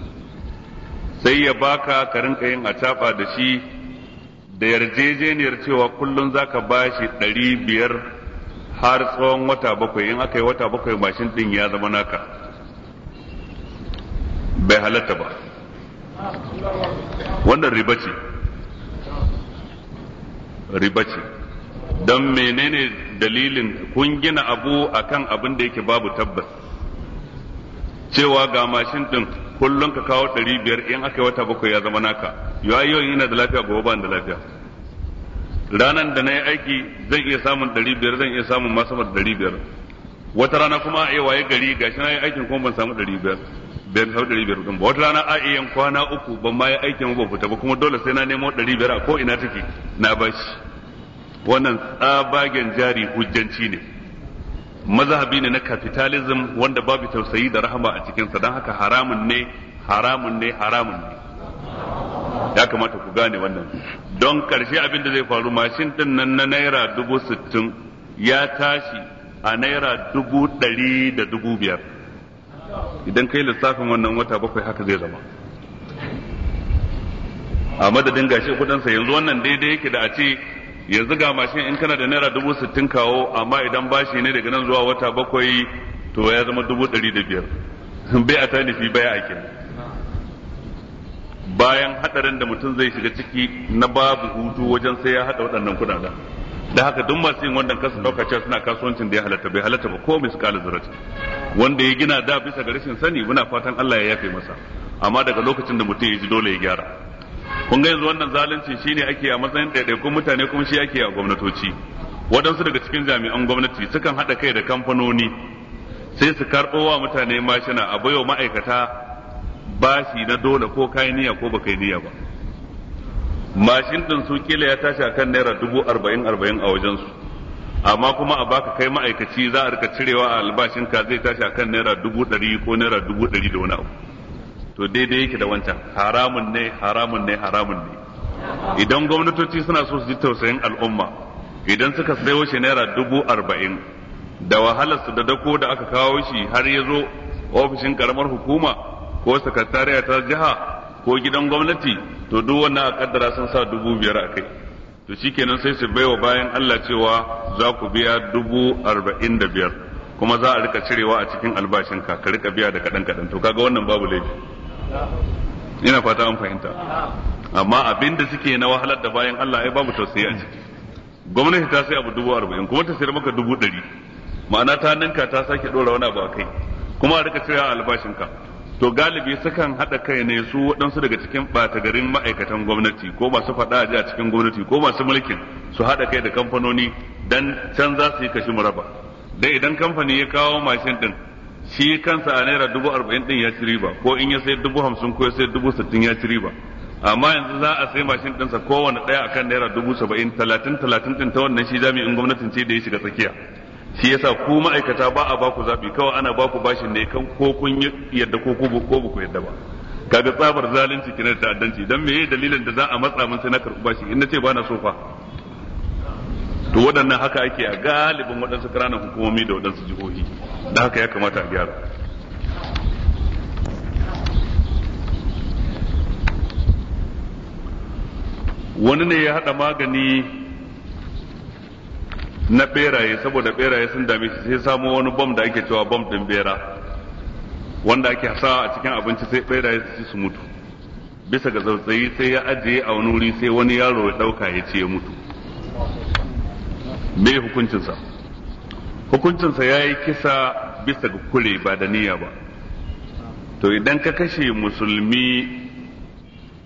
sai ya baka ka rinka yin a da shi da yarjejeniyar cewa kullum za ka ba ɗari biyar har tsawon wata bakwai in aka yi wata bakwai mashin ɗin ya zama naka bai halatta ba wannan riba ce riba ce don menene dalilin kun gina abu akan abin da yake babu tabbas cewa ga mashin ɗin kullum ka kawo ɗari biyar in aka yi wata bakwai ya zama naka yau yau ina da lafiya gobe ba da lafiya ranar da na yi aiki zan iya samun ɗari biyar zan iya samun masu da ɗari biyar wata rana kuma a waye gari gashi na yi aikin kuma ban samu ɗari biyar ban samu ɗari biyar ba wata rana a iya kwana uku ban ma yi aikin ba fita ba kuma dole sai na nemo ɗari biyar a ko ina take na bashi wannan tsabagen jari hujjanci ne mazhabi ne na capitalism wanda babu tausayi da rahama a cikinsa don haka haramun ne haramun ne haramun ne ya kamata ku gane wannan don karshe abin da zai faru mashin din nan na naira dubu sittin ya tashi a naira dubu ɗari da dubu biyar idan kai lissafin wannan wata bakwai haka zai zama a madadin gashi kudansa yanzu wannan daidai yake da a ce yanzu ga mashin in kana da naira dubu sittin kawo amma idan bashi ne daga nan zuwa wata bakwai to ya zama dubu ɗari da biyar bai a tanifi bai a kin bayan hadarin da mutum zai shiga ciki na babu hutu wajen sai ya hada waɗannan kuɗaɗen da haka duk masu yin wannan kasu ɗauka cewa suna kasuwancin da ya halatta bai halatta ba ko mai suka zurata wanda ya gina da bisa ga rashin sani muna fatan Allah ya yafe masa amma daga lokacin da mutum ya ji dole ya gyara kun ga yanzu wannan zalunci shine ake a matsayin ɗaiɗaikun mutane kuma shi ake a gwamnatoci waɗansu daga cikin jami'an gwamnati sukan haɗa kai da kamfanoni sai su karɓo wa mutane mashina a baiwa ma'aikata bashi na dole ko kayan niyya ko baka niyya ba mashin ɗin su kila ya tashi akan naira dubu arba'in arba'in a wajensu amma kuma a baka kai ma'aikaci za a rika cirewa a albashinka zai tashi akan naira dubu ɗari ko naira dubu ɗari da wani abu to daidai yake da wancan haramun ne haramun ne haramun ne idan gwamnatoci suna so su ji tausayin al'umma idan suka sayo shi naira dubu arba'in da wahalar su da dako da aka kawo shi har ya zo ofishin karamar hukuma ko sakatariya ta jiha ko gidan gwamnati to duk wannan a kaddara sun sa dubu biyar a kai to shi kenan sai su baiwa bayan Allah cewa za ku biya dubu arba'in da biyar kuma za a rika cirewa a cikin albashinka ka rika biya da kaɗan kaɗan to kaga wannan babu laifi ina fata an fahimta amma abin da suke na wahalar da bayan Allah ai babu tausayi a ciki gwamnati ta sai abu dubu arba'in kuma ta sayar maka dubu ɗari ma'ana ta ninka ta sake ɗora wani abu a kai kuma a rika albashin albashinka to galibi sukan haɗa kai ne su waɗansu daga cikin ɓata garin ma'aikatan gwamnati ko masu faɗa a cikin gwamnati ko masu mulkin su haɗa kai da kamfanoni dan can za su yi kashi muraba dai idan kamfani ya kawo mashin ɗin shi kansa a naira dubu arba'in din ya ci riba ko in ya sai dubu hamsin ko ya sai dubu sittin ya ci riba amma yanzu za a sai mashin dinsa kowane ɗaya akan naira dubu saba'in talatin talatin din ta wannan shi jami'in gwamnatin ce da ya shiga tsakiya shi yasa ku ma'aikata ba a baku zaɓi kawai ana baku bashin ne kan ko kun yadda ko ko ba ku yadda ba kaga tsabar zalunci da ta'addanci dan meye dalilin da za a matsa mun sai na karɓi bashi in nace ba na so fa to waɗannan haka ake a galibin waɗansu ƙananan hukumomi da waɗansu jihohi da haka ya kamata a gyara wani ne ya haɗa magani na beraye saboda beraye sun dami shi sai samu wani bom da ake cewa bom ɗin bera wanda ake sa a cikin abinci sai beraye su ci su mutu bisa ga zautsayi sai ya ajiye a wani wuri sai wani yaro ya ɗauka ya ce ya mutu me hukuncinsa hukuncinsa ya yi kisa bisa ga kure ba da niyya ba to idan ka kashe musulmi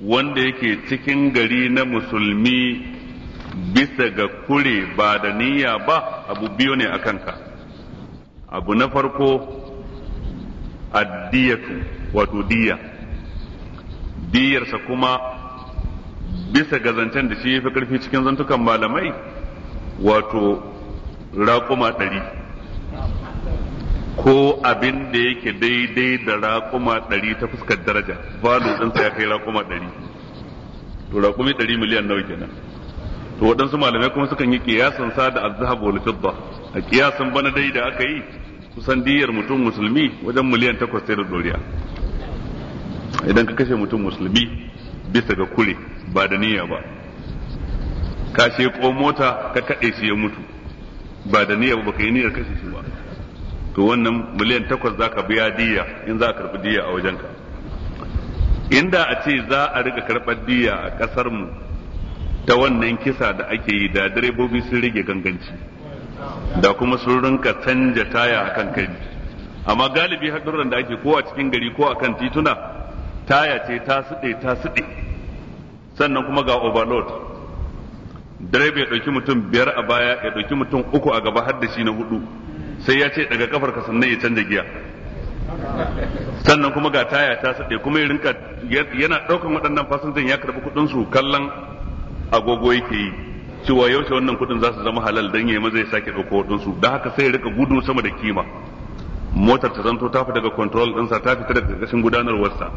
wanda yake cikin gari na musulmi bisa ga kure ba da niyya ba abu biyu ne a kanka abu na farko addiyatu wato diya diyarsa kuma bisa ga zancen da shi ya fi karfi cikin zantukan malamai wato raƙuma ɗari ko abin da yake daidai da raƙuma ɗari ta fuskar daraja valo ɗansa ya kai raƙuma ɗari to raƙumi ɗari miliyan nawa kenan to waɗansu malamai kuma sukan yi ƙiyasan sa da azhab wal fidda a ƙiyasan bana dai da aka yi kusan diyar mutum musulmi wajen miliyan takwas sai da doriya idan ka kashe mutum musulmi bisa ga kure ba da niyya ba ka ko mota ka kaɗe shi ya mutu ba da niyyar ba ka yi niyyar kashe shi ba to wannan miliyan takwas za ka biya diya in za a karɓi diya a wajenka inda a ce za a riga karɓar diya a ƙasarmu mu ta wannan kisa da ake yi da direbobi sun rage ganganci da kuma sun rinka canja taya akan kai amma galibi haɗurran da ake ko cikin gari ko a kan tituna taya ce ta suɗe ta suɗe sannan kuma ga overload direba ya ɗauki mutum biyar a baya ya ɗauki mutum uku a gaba har da shi na hudu sai ya ce daga kafar ka sannan ya canza giya sannan kuma ga taya ta saɗe kuma ya rinka yana ɗaukan waɗannan fasinjan ya karɓi kuɗin su kallon agogo yake yi cewa yaushe wannan kuɗin za su zama halal dan ya maza ya sake ɗauko waɗin su don haka sai ya rika gudu sama da kima motar ta zanto ta fi daga control ɗinsa ta fita daga ƙarƙashin gudanarwarsa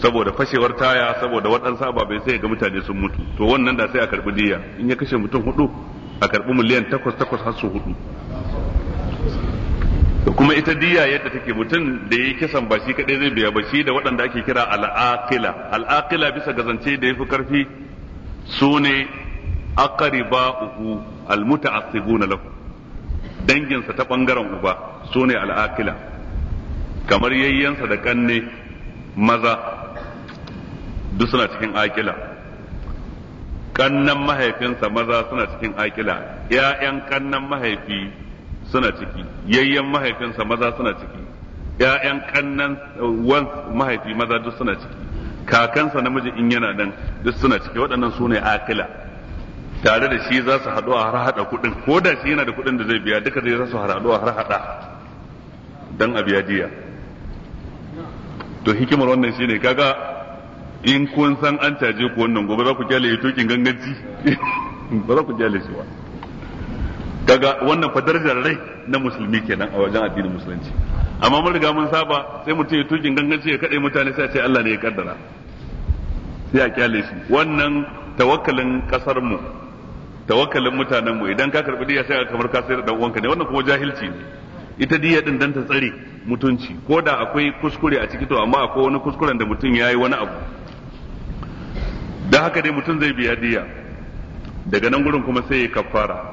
saboda fashewar taya saboda waɗansu ababai sai ga mutane sun mutu to wannan da sai a karɓi diya in ya kashe mutum hudu a karɓi miliyan takwas takwas har su hudu da kuma ita diya yadda take mutum da ya yi kisan ba shi kaɗai zai biya ba shi da waɗanda ake kira al'aqila al'aqila bisa ga zance da ya fi karfi su ne aqriba'uhu almuta'assibuna lahu danginsa ta ɓangaren uba su ne al'aqila kamar yayyansa da ƙanne maza duk suna cikin akila kannan mahaifinsa maza suna cikin akila Yayan kannan mahaifi suna ciki yayyan mahaifinsa maza suna ciki Yayan kannan wan mahaifi maza duk suna ciki kakansa namiji in yana nan duk suna ciki waɗannan su ne akila tare da shi za su haɗu a har haɗa kuɗin ko da shi yana da kuɗin da zai biya duka zai za su haɗu a har haɗa don a biya diya to hikimar wannan shi ne kaga in kun san an caje ku wannan gobe za ku kyale ya tokin ganganci ba za ku kyale shi ba kaga wannan fa rai na musulmi kenan a wajen addinin musulunci amma mun riga mun saba sai mutum ya tokin ganganci ya kadai mutane sai a ce Allah ne ya kaddara sai a kyale shi wannan tawakkalin kasar mu tawakkalin mutanen mu idan ka karbi diya sai kamar ka sayar da dan uwanka ne wannan kuma jahilci ne ita diya din dan ta tsare mutunci ko da akwai kuskure a ciki to amma akwai wani kuskuren da mutum yayi wani abu da haka dai mutum zai biya diya daga nan gurin kuma sai ya kafara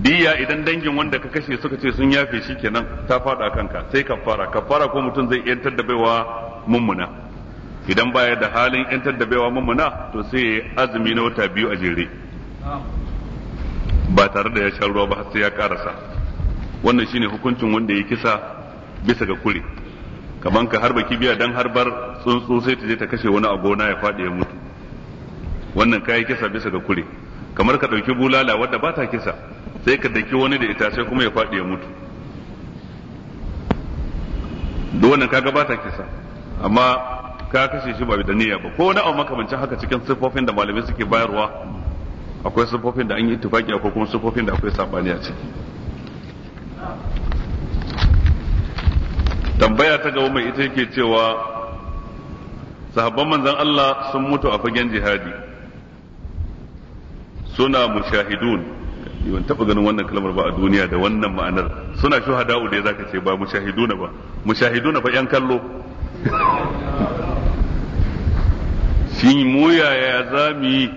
diya idan dangin wanda ka kashe suka ce sun yafe shi kenan ta fada kanka sai kafara kafara ko mutum zai yantar da baiwa mummuna idan baya da halin yantar da baiwa mummuna to sai ya azumi na wata biyu a jere ba tare da ya sha ruwa ba sai ya karasa wannan shine hukuncin wanda ya kisa bisa ga kure kaman ka harba kibiya dan harbar tsuntsu sai ta je ta kashe wani a gona ya faɗi ya mutu wannan kayi kisa bisa ga kure kamar ka ɗauki bulala wadda ba ta kisa sai ka daki wani da ita sai kuma ya faɗi ya mutu duk wannan kaga ba ta kisa amma ka kashe shi ba da niyya ba ko wani abu makamancin haka cikin siffofin da malamai suke bayarwa akwai siffofin da an yi tufaki akwai kuma siffofin da akwai sabani a ciki tambaya ta gaba mai ita yake cewa sahabban manzan Allah sun mutu a fagen jihadi suna mushahidun yawan taɓa ganin wannan kalmar ba a duniya da wannan ma'anar suna shuhada'u da ya zaka ce ba mushahiduna ba mushahiduna fa yan kallo shi mu yaya za mu yi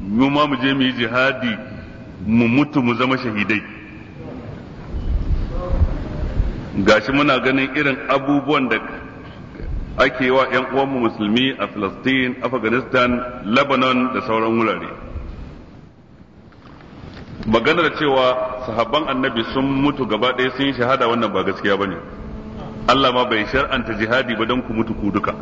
mu ma mu je mu yi jihadi mu mutu mu zama shahidai gashi muna ganin irin abubuwan da ake wa 'yan uwanmu musulmi a Palestine, Afghanistan, Lebanon da sauran wurare. Maganar cewa sahabban annabi sun mutu gaba ɗaya sun shahada wannan ba gaskiya ba ne. Allah ma bai shar'anta jihadi ba don ku mutu ku duka.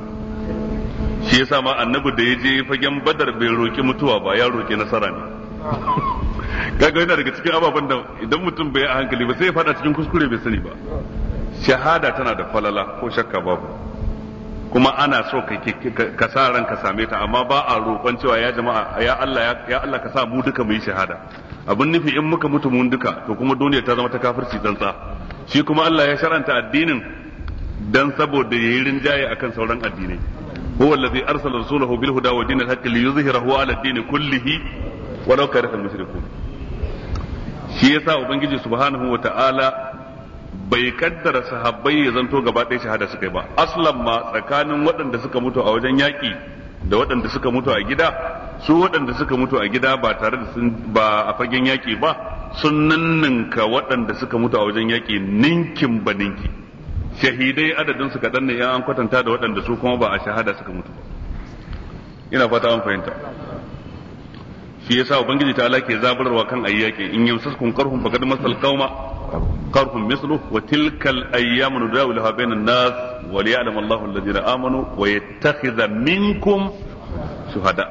Shi yasa ma annabi da ya je fagen badar bai roƙi mutuwa ba ya roƙi nasara ne. Kaga yana daga cikin ababen da idan mutum bai a hankali ba sai ya faɗa cikin kuskure bai sani ba. shahada tana da falala ko shakka babu kuma ana so ka sa ran ka same ta amma ba a roƙon cewa ya jama'a ya Allah ya Allah ka sa mu duka mu yi shahada abin nufi in muka mutu mun duka to kuma duniya ta zama ta kafirci tsantsa shi kuma Allah ya sharanta addinin dan saboda yayi rinjaye akan sauran addinai هو الذي أرسل رسوله بالهدى ودين الحق ليظهره على الدين كله ولو كره المشركون shi yasa ubangiji subhanahu wa ta'ala bai kaddara sahabbai ya zanto gaba ɗaya shahada suka yi ba aslan ma tsakanin waɗanda suka mutu a wajen yaƙi da waɗanda suka mutu a gida su waɗanda suka mutu a gida ba tare da sun ba a fagen yaƙi ba sun nanninka waɗanda suka mutu a wajen yaƙi ninkin ba ninki shahidai adadin su kaɗan ne an kwatanta da waɗanda su kuma ba a shahada suka mutu ina fata an fahimta shi yasa ubangiji ta ala ke zaburarwa kan ayyake in yamsaskum qarhum faqad masal qauma qarhum mislu wa tilkal ayyamu nudawiluha bainan nas wa liya'lam Allahu alladhina amanu wa yattakhidha minkum shuhada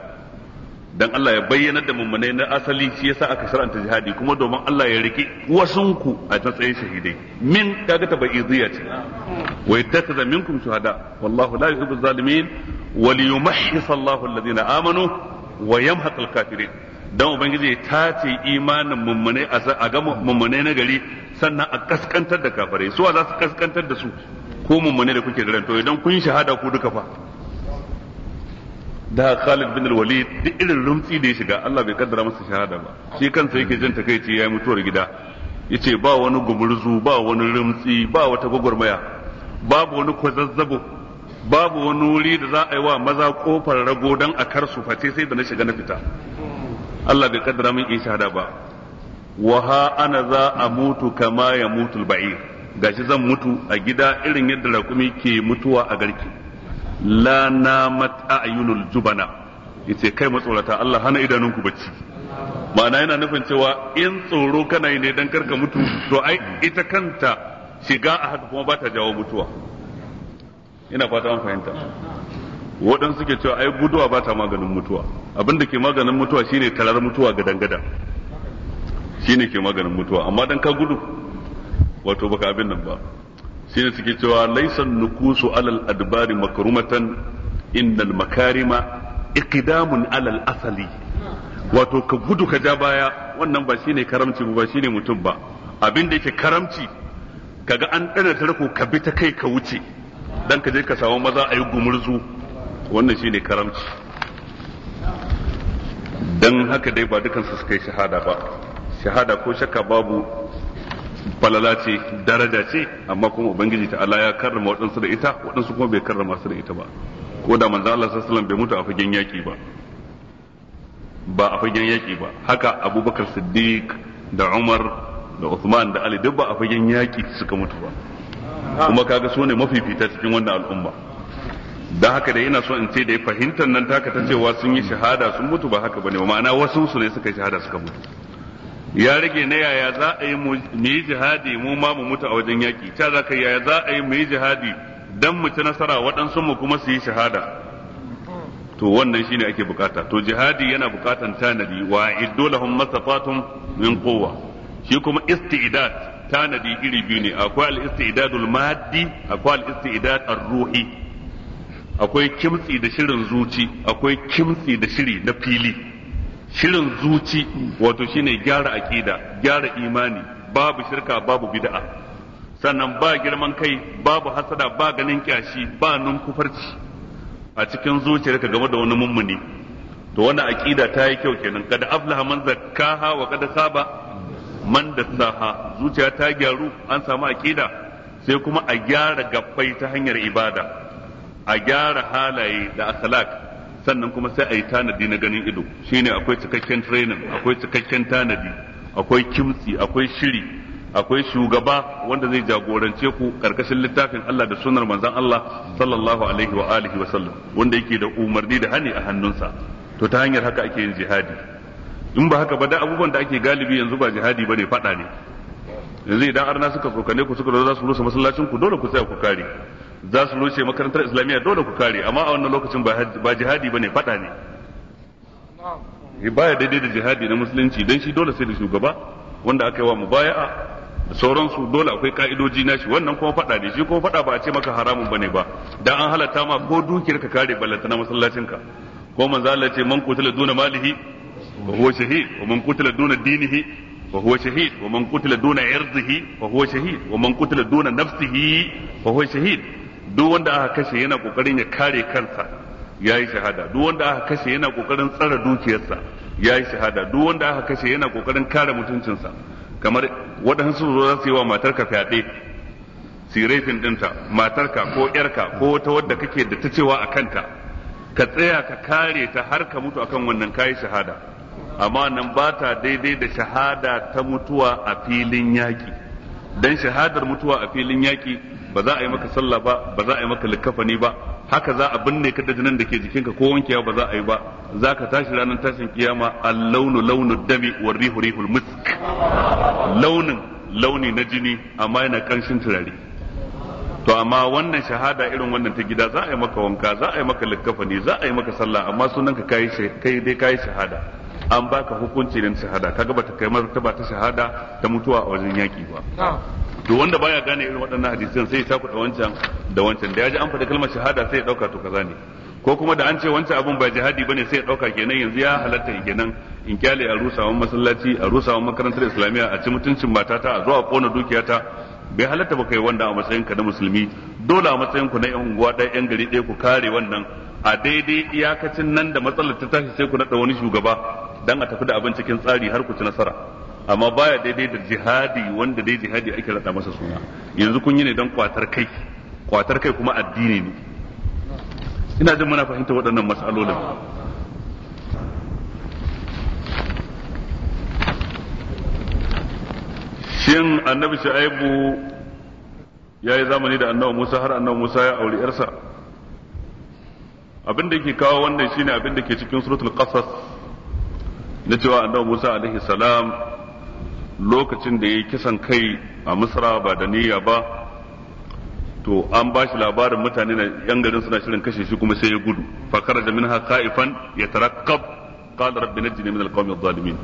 dan Allah ya bayyana da mummunai na asali shi yasa aka shar'anta jihadi kuma domin Allah ya rike wasunku a matsayin shahidai min kaga tabaiziyya ce wa yattakhidha minkum shuhada wallahu la yuhibbu zalimin wa liyumahhis Allahu alladhina amanu wa yamhaqul kafirin dan ubangiji ya tace imanin mummune a ga mummune na gari sannan a kaskantar da kafirai suwa za su kaskantar da su ko mummune da kuke da to idan kun shahada ku duka fa da Khalid bin Walid duk irin rumtsi da ya shiga Allah bai kaddara masa shahada ba shi kansa yake jin takeici yayi mutuwar gida yace ba wani gumurzu ba wani rumtsi ba wata gwagwarmaya babu wani kwazazzabo babu wani wuri da za a yi wa maza kofar rago don a kar su face sai da na shiga na fita Allah bai kaddara min in shahada ba wa ha ana za a mutu kama ya mutu ga shi zan mutu a gida irin yadda rakumi ke mutuwa a garki la na namat ayunul jubana yace kai matsorata Allah hana idanun ku bacci ma'ana yana nufin cewa in tsoro kana yi ne dan karka mutu to ai ita kanta shiga a haka kuma ba ta jawo mutuwa ina fata an fahimta waɗansu suke cewa ai guduwa ba ta maganin mutuwa abin da ke maganin mutuwa shine tarar mutuwa gadan gadan shine ke maganin mutuwa amma dan ka gudu wato baka abin nan ba shine suke cewa laisan nukusu alal adbari makrumatan innal makarima iqdamun alal asali wato ka gudu ka ja baya wannan ba shine karamci ba shine mutum ba abin da yake karamci kaga an dana tarko ka bi ta kai ka wuce dan ka je ka samu maza a yi gumurzu wannan shi ne karamci dan haka dai ba dukansu suka yi shahada ba shahada ko shakka babu falala ce daraja ce amma kuma ubangiji ta Allah ya karrama waɗansu da ita waɗansu kuma bai karrama su da ita ba ko da manzo Allah sallallahu alaihi bai mutu a fagen yaki ba ba a fagen yaki ba haka Abubakar Siddiq da Umar da Uthman da Ali duk ba a fagen yaki suka mutu ba kuma kaga su ne mafifita cikin wannan al'umma da haka da yana so in ce da ya fahimtar nan taka ta cewa sun yi shahada sun mutu ba haka bane ma'ana wasu su ne suka yi shahada suka mutu ya rage na yaya za a yi mu yi jihadi mu ma mu mutu a wajen yaki ta za ka yaya za a yi mu yi jihadi dan mu ci nasara waɗansu mu kuma su yi shahada to wannan shine ake bukata to jihadi yana bukatan tanadi wa iddu lahum masafatun min quwwa shi kuma istidad tanadi iri biyu ne akwai al-istidadul maddi akwai al-istidad ar-ruhi akwai kimtsi da shirin zuci akwai kimtsi da shiri na fili shirin zuci wato shine gyara aqida gyara imani babu shirka babu bid'a sannan ba girman kai babu hasada ba ganin kyashi ba nunkufarci a cikin ka game da wani mummuni to wannan aqida ta yi kyau kenan kada aflaha man zakkaha wa kada saba man saha zuciya ta gyaru an samu aqida sai kuma a gyara gabbai ta hanyar ibada a gyara halaye da akhlaq sannan kuma sai a yi tanadi na ganin ido shine akwai cikakken training akwai cikakken tanadi akwai kimsi akwai shiri akwai shugaba wanda zai jagorance ku karkashin littafin Allah da sunar manzon Allah sallallahu alaihi wa alihi wa sallam wanda yake da umarni da hani a hannunsa to ta hanyar haka ake yin jihadi in ba haka ba da abubuwan da ake galibi yanzu ba jihadi ba ne fada ne yanzu idan arna suka tsokane ku suka zo za su rusa masallacin ku dole ku tsaya ku kare za su rushe makarantar islamiyya dole ku kare amma a wannan lokacin ba jihadi ba ne fada ne baya daidai da jihadi na musulunci don shi dole sai da shugaba wanda aka yi wa mubaya'a da sauransu dole akwai ka'idoji na shi wannan kuma fada ne shi kuma fada ba a ce maka haramun ba ne ba da an halatta ma ko dukiyar ka kare ballanta na masallacin ka ko manzo Allah ce man qutila duna malihi wa شهيد ومن wa دون دينه duna شهيد wa قتل دون wa man شهيد duna قتل wa نفسه shahid wa man qutila duna nafsihi wa duk wanda aka kashe yana kokarin ya kare kansa yayi shahada duk wanda aka kashe yana kokarin tsara dukiyarsa yayi shahada duk wanda aka kashe yana kokarin kare mutuncinsa kamar waɗansu zo za su yi wa matarka fyaɗe sirefin ɗinta matarka ko ƴarka ko wata wadda kake da ta cewa a kanta ka tsaya ka kare ta har ka mutu akan wannan yi shahada amma nan ba ta daidai da shahada ta mutuwa a filin yaƙi dan shahadar mutuwa a filin yaƙi ba za a yi maka sallah ba ba za a yi maka likafani ba haka za a binne ka da jinin da ke jikinka ko wankewa ba za a yi ba za ka tashi ranar tashin kiyama al-launu launu dami wa rihu rihul musk launin launi na jini amma yana kanshin turare to amma wannan shahada irin wannan ta gida za a yi maka wanka za a yi maka likafani za a yi maka sallah amma sunanka kai dai kai shahada an baka hukunci na shahada kaga bata kai martaba ta shahada ta mutuwa a wajen yaki ba to wanda baya gane irin waɗannan hadisan sai ya saku da wancan da wancan da yaji an faɗi kalmar shahada sai ya dauka to kaza ne ko kuma da an ce wancan abun ba jihadi bane sai ya dauka kenan yanzu ya halatta kenan in kyale a rusawan masallaci a rusawan makarantar islamiyya a ci mutuncin matata a zo a kona dukiyata bai halatta ba kai wanda a matsayin ka na musulmi dole a matsayin ku na yan unguwa ɗaya yan gari ɗaya ku kare wannan a daidai iyakacin nan da matsalar ta tashi sai ku naɗa wani shugaba dan a tafi da abin cikin tsari har ku ci nasara amma baya daidai da jihadi wanda dai jihadi ake rada masa suna yanzu kun yi ne dan kwatar kai kwatar kai kuma addini ne ina jin muna fahimta waɗannan matsalolin shin annabi shu'aibu ya yi zamani da annabi musa har annabi musa ya auri yarsa abin da yake kawo wannan shine abin da ke cikin suratul qasas na cewa annabi Musa alaihi salam lokacin da ya yi kisan kai a Misra ba da niyya ba to an ba shi labarin mutane na yan garin suna shirin kashe shi kuma sai ya gudu fa kharaja minha khaifan yatarakkab qala rabbi najini min alqawmi adh-dhalimin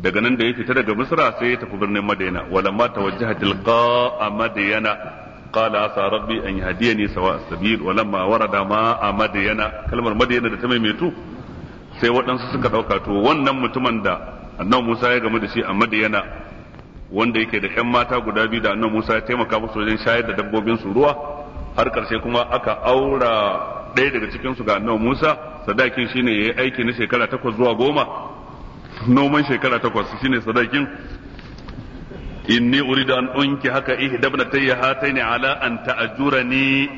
daga nan da ya fita daga Misra sai ya tafi birnin Madina walamma tawajjaha tilqa Madina قال عسى ربي أن يهديني سواء السبيل ولما ورد kalmar مدينة كلمة ta تميميتو sai waɗansu suka ɗauka to wannan mutumin da annan Musa ya gamu da shi a Madiyana wanda yake da ƴan mata guda biyu da annan Musa ya taimaka musu wajen shayar da dabbobin su ruwa har ƙarshe kuma aka aura ɗaya daga cikin su ga annan Musa sadakin shine yayi aiki na shekara takwas zuwa goma noman shekara takwas shine sadakin inni da an unki haka ihdabnatayya ni ala an ta'jurani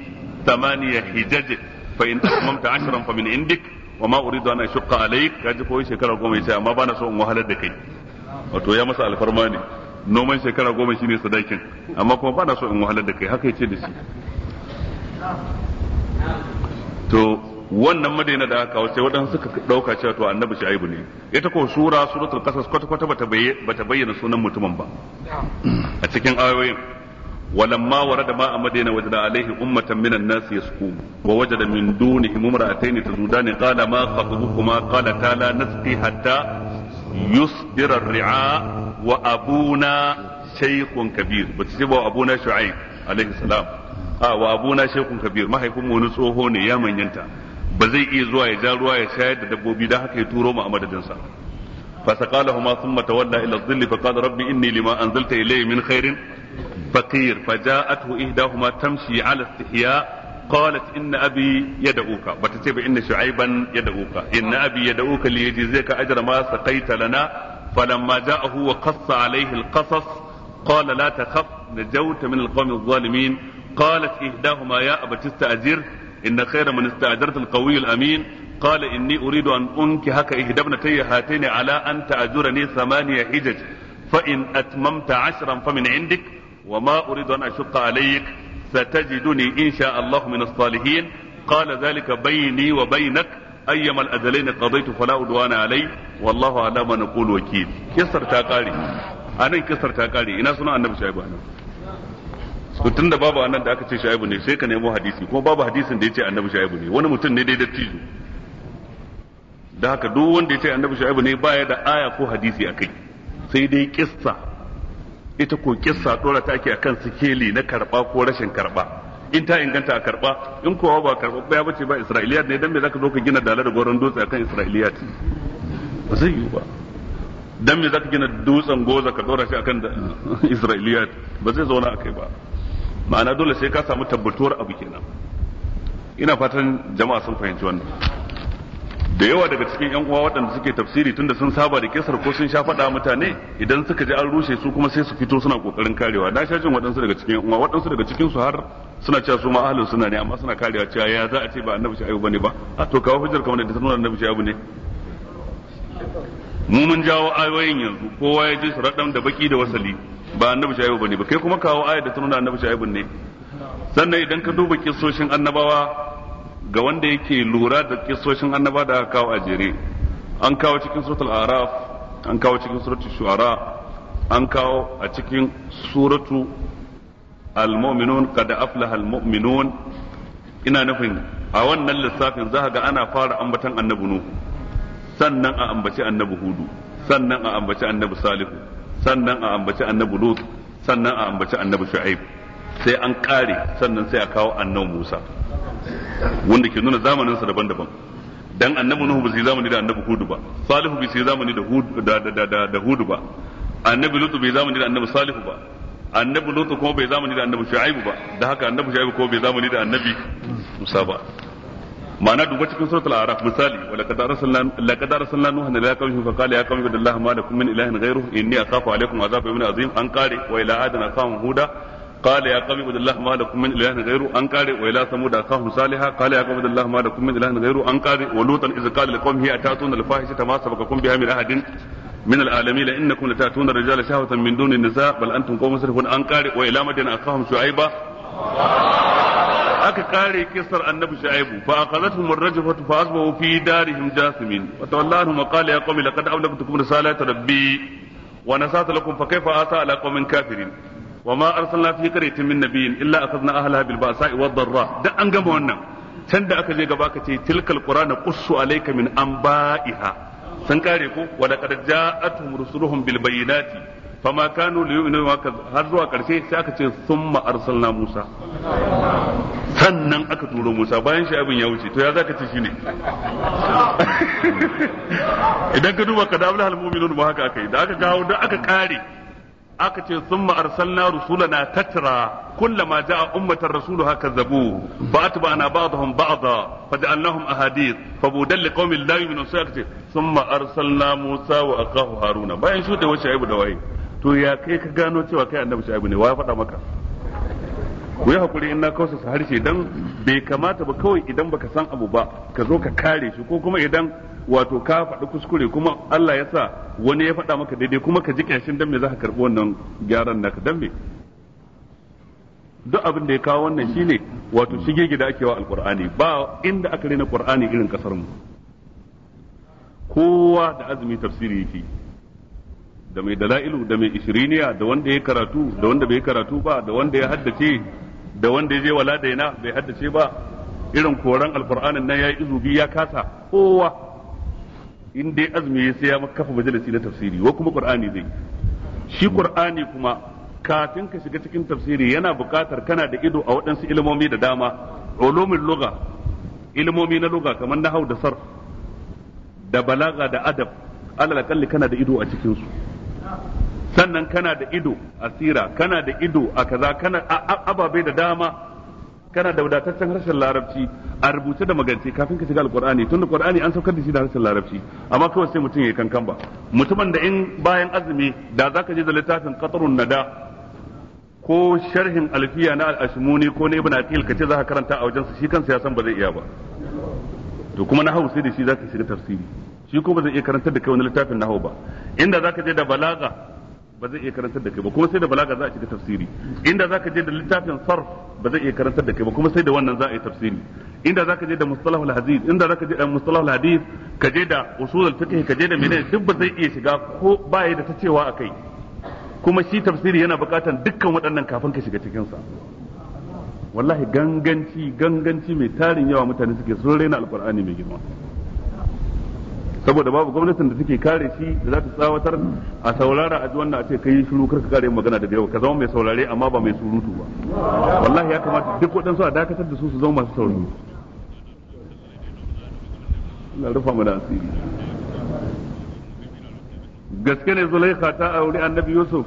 ثمانية حجج فإن أتممت عشرا فمن indik wa ma uridu an ashqa alayk kaji koyi shekara goma sai amma bana so in wahalar da kai wato ya masa alfarma ne noman shekara goma shine sadakin amma kuma bana so in wahalar da kai haka yace da shi to wannan madaina da aka kawo sai waɗansu suka ɗauka cewa to annabi shaibu ne ita ko sura suratul qasas kwata kwata bata bayyana sunan mutumin ba a cikin ayoyin ولما ورد ماء مدينة وجد عليه أمة من الناس يسكون ووجد من دونهم امرأتين تزودان قال ما خطبكما قالتا لا نسقي حتى يصدر الرعاء وأبونا شيخ كبير بتسيبه أبونا شعيب عليه السلام آه وأبونا شيخ كبير ما هيكون ونسوه يا من ينتهي ba zai iya zuwa ya ja ruwa ya shayar da dabbobi da haka ya turo mu a madadinsa fa saqala huma thumma tawalla ila dhilli fa qala rabbi inni lima anzalta ilayya min khairin فقير فجاءته إحداهما تمشي على استحياء قالت إن أبي يدعوك بتسيب إن شعيبا يدعوك إن أبي يدعوك ليجزيك أجر ما سقيت لنا فلما جاءه وقص عليه القصص قال لا تخف نجوت من القوم الظالمين قالت إهداهما يا أبت استأجر إن خير من استأجرت القوي الأمين قال إني أريد أن أنكحك إحدى ابنتي هاتين على أن تأجرني ثمانية حجج فإن أتممت عشرا فمن عندك wa ma uridu an ashqa alayk ne insha Allah min as-salihin qala dhalika bayni wa baynak ayyama al-ajalain qadaytu fala udwana alay wallahu ala ma naqulu wakil kisar ta kare anan kisar ta kare ina sunan annabi shaibu anan to tunda babu anan da aka ce shaibu ne sai ka nemo hadisi kuma babu hadisin da yace annabi shaibu ne wani mutum ne dai dattijo da haka duk wanda ya ce annabi shu'aibu ne baya da aya ko hadisi a kai sai dai kissa ita ko kissa dora ta ake akan sikeli na karba ko rashin karba in ta inganta a karba in kowa ba karba ba ya bace ba Isra'iliya ne dan me zaka zo ka gina dala da goron dutse akan ce ba zai yi ba dan me zaka gina dutsen goza ka dora shi akan Isra'iliya ba zai zauna akai ba ma'ana dole sai ka samu tabbatuwar abu kenan ina fatan jama'a sun fahimci wannan da yawa daga cikin yan uwa waɗanda suke tafsiri tunda sun saba da kesar ko sun sha faɗa mutane idan suka ji an rushe su kuma sai su fito suna kokarin karewa na sha jin waɗansu daga cikin yan uwa waɗansu daga cikin su har suna cewa su ma ahlus suna ne amma suna karewa cewa ya za a ce ba annabi shaibu bane ba a to kawo hujjar kamar da ta nuna annabi shaibu ne mu mun jawo ayoyin yanzu kowa ya ji su raɗan da baki da wasali ba annabi shaibu bane ba kai kuma kawo ayar da ta nuna annabi shaibu ne sannan idan ka duba kisoshin annabawa ga wanda yake lura da kisoshin annaba da aka kawo a jere an kawo cikin suratul araf an kawo cikin suratul shu'ara an kawo a cikin suratu al-mu'minun qad aflaha al-mu'minun ina nufin a wannan lissafin za ga ana fara ambatan annabi nuhu sannan a ambaci annabi hudu sannan a ambaci annabi salihu sannan a ambaci annabi lut sannan a ambaci annabi shu'aib sai an kare sannan sai a kawo annabi musa wanda ke nuna zamaninsa daban-daban dan annabi nuhu ba sai zamani da annabi hudu ba salihu bai sai zamani da hudu da da da da hudu ba annabi lutu bai zamani da annabi salihu ba annabi lutu kuma bai zamani da annabi shu'aibu ba da haka annabi shu'aibu kuma bai zamani da annabi musa ba ma'ana duba cikin suratul araf misali wa laqad arsalna laqad arsalna nuha ila qaumihi fa qala ya qaumi qad allaha ma lakum min ilahin ghayruhu inni akhafu alaykum azaba yawmin azim an qari wa ila adana qawm huda قال يا قوم اعبدوا الله ما لكم من اله غيره ان قال والى ثمود اخاهم صالحا قال يا قوم اعبدوا الله ما لكم من اله غيره ان قال ولوطا اذ قال لقومه اتاتون الفاحشه ما سبقكم بها من احد من العالمين انكم لتاتون الرجال شهوه من دون النساء بل انتم قوم مسرفون ان قال والى مدين اخاهم شعيبا aka kare kisar annabi shu'aibu fa akhadathum ar-rajfatu fa asbahu fi darihim jathimin wa tawallahu wa qala ya qaumi laqad ablagtukum risalata rabbi wa nasata lakum fa kayfa asa ala qaumin kafirin wa ma arsalna fi qaryatin min nabiyyin illa akhadna ahlaha bil ba'sa'i wad darra da an gama wannan can da aka je gaba ka ce tilkal qur'ana qussu alayka min anba'iha sun kare ko wa laqad ja'atuhum rusuluhum bil bayyinati fama kanu liyu'minu har zuwa karshe sai aka ce summa arsalna musa sannan aka turo Musa bayan shi abin ya wuce to ya zaka ci shine idan ka duba ka dabul halmuminun ba haka aka yi da aka kawo da aka kare aka ce thumma arsalna rusulana tatra kullama jaa ummatar rasulu hakazzabu fa atba'na ba'dahum ba'da faj'alnahum ahadith fa budal liqaumin la yu'minun sai aka ce thumma arsalna musa wa aqahu haruna bayan shuɗe wa shaibu da waye to ya kai ka gano cewa kai annabi shaibu ne wa faɗa maka ku yi hakuri ina na su harshe dan bai kamata ba kawai idan baka san abu ba ka zo ka kare shi ko kuma idan wato ka faɗi kuskure kuma Allah ya sa wani ya faɗa maka daidai kuma ka ji ƙyashin dan za ka karɓi wannan gyaran naka dambe. me duk abin da ya kawo wannan shine wato shige gida ake wa alqur'ani ba inda aka rena qur'ani irin kasar mu kowa da azumi tafsiri yake da mai dala'ilu da mai ishiriniya da wanda ya karatu da wanda bai karatu ba da wanda ya haddace da wanda ya je wala daina bai haddace ba irin koran alqur'anin nan yayi izubi ya kasa kowa in dai azumi ya sai ya kafa majalisi na tafsiri wa kuma qur'ani zai shi qur'ani kuma kafin ka shiga cikin tafsiri yana buƙatar kana da ido a waɗansu ilmomi da dama ulumul lugha ilmomi na lugha kamar nahau da sarf da balaga da adab alal kalli kana da ido a cikin su sannan kana da ido a sira kana da ido a kaza kana ababai da dama kana da wadataccen harshen larabci a rubuce da magance kafin ka shiga alqur'ani tun da qur'ani an saukar da shi da harshen larabci amma kawai sai mutum ya kankan ba mutumin da in bayan azumi da zaka je da littafin qatarun nada ko sharhin alfiya na al-ashmuni ko na ibn atil kace zaka karanta a wajen su shi kansa ya san ba zai iya ba to kuma na hausa da shi zaka shiga tafsiri shi ko ba zai iya karantar da kai wani littafin nahawu ba inda zaka je da balaga ba zai iya karantar da kai ba kuma sai da balaga za a shiga tafsiri inda ka je da littafin sarf ba zai iya karantar da kai ba kuma sai da wannan za a yi tafsiri inda ka je da mustalahul hadith inda ka je da mustalahul hadith ka je da usulul fiqh ka je da menene duk ba zai iya shiga ko ba ya da ta cewa akai kuma shi tafsiri yana bukatan dukkan waɗannan kafin ka shiga cikin sa wallahi ganganci ganganci mai tarin yawa mutane suke sun raina alqur'ani mai girma saboda babu gwamnatin da take kare shi da za ta tsawatar a saurara a ji wannan a ce kai shiru kar ka kare magana da yawa ka zama mai saurare amma ba mai surutu ba wallahi ya kamata duk waɗansu a dakatar da su su zama masu sauri na rufa mu da asiri gaske ne Zulaikha ta auri Annabi Yusuf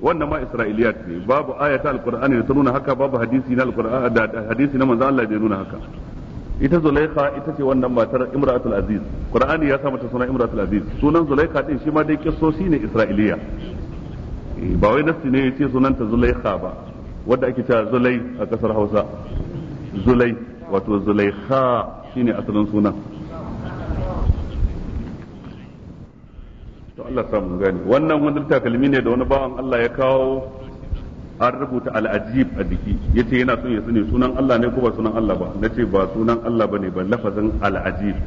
wannan ma Isra'iliyat ne babu ayata qur'ani da ta nuna haka babu hadisi na alqur'ani da hadisi na manzo Allah da nuna haka ita zulaikha ita ce wannan matar imratul aziz qur'ani ya sa mata suna imratul aziz sunan zulaikha din shi ma dai kissosi ne isra'iliya eh, ba wai nasti ne yace sunanta zulaikha ba wanda ake cewa zulai a kasar hausa zulai wato zulaikha shine asalin sunan to Allah samu gani wannan wani takalmi ne da wani bawan Allah ya kawo an rubuta al'ajib a jiki yace yana so ya sani sunan Allah ne ko ba sunan Allah ba nace ba sunan Allah bane ba lafazin al'ajib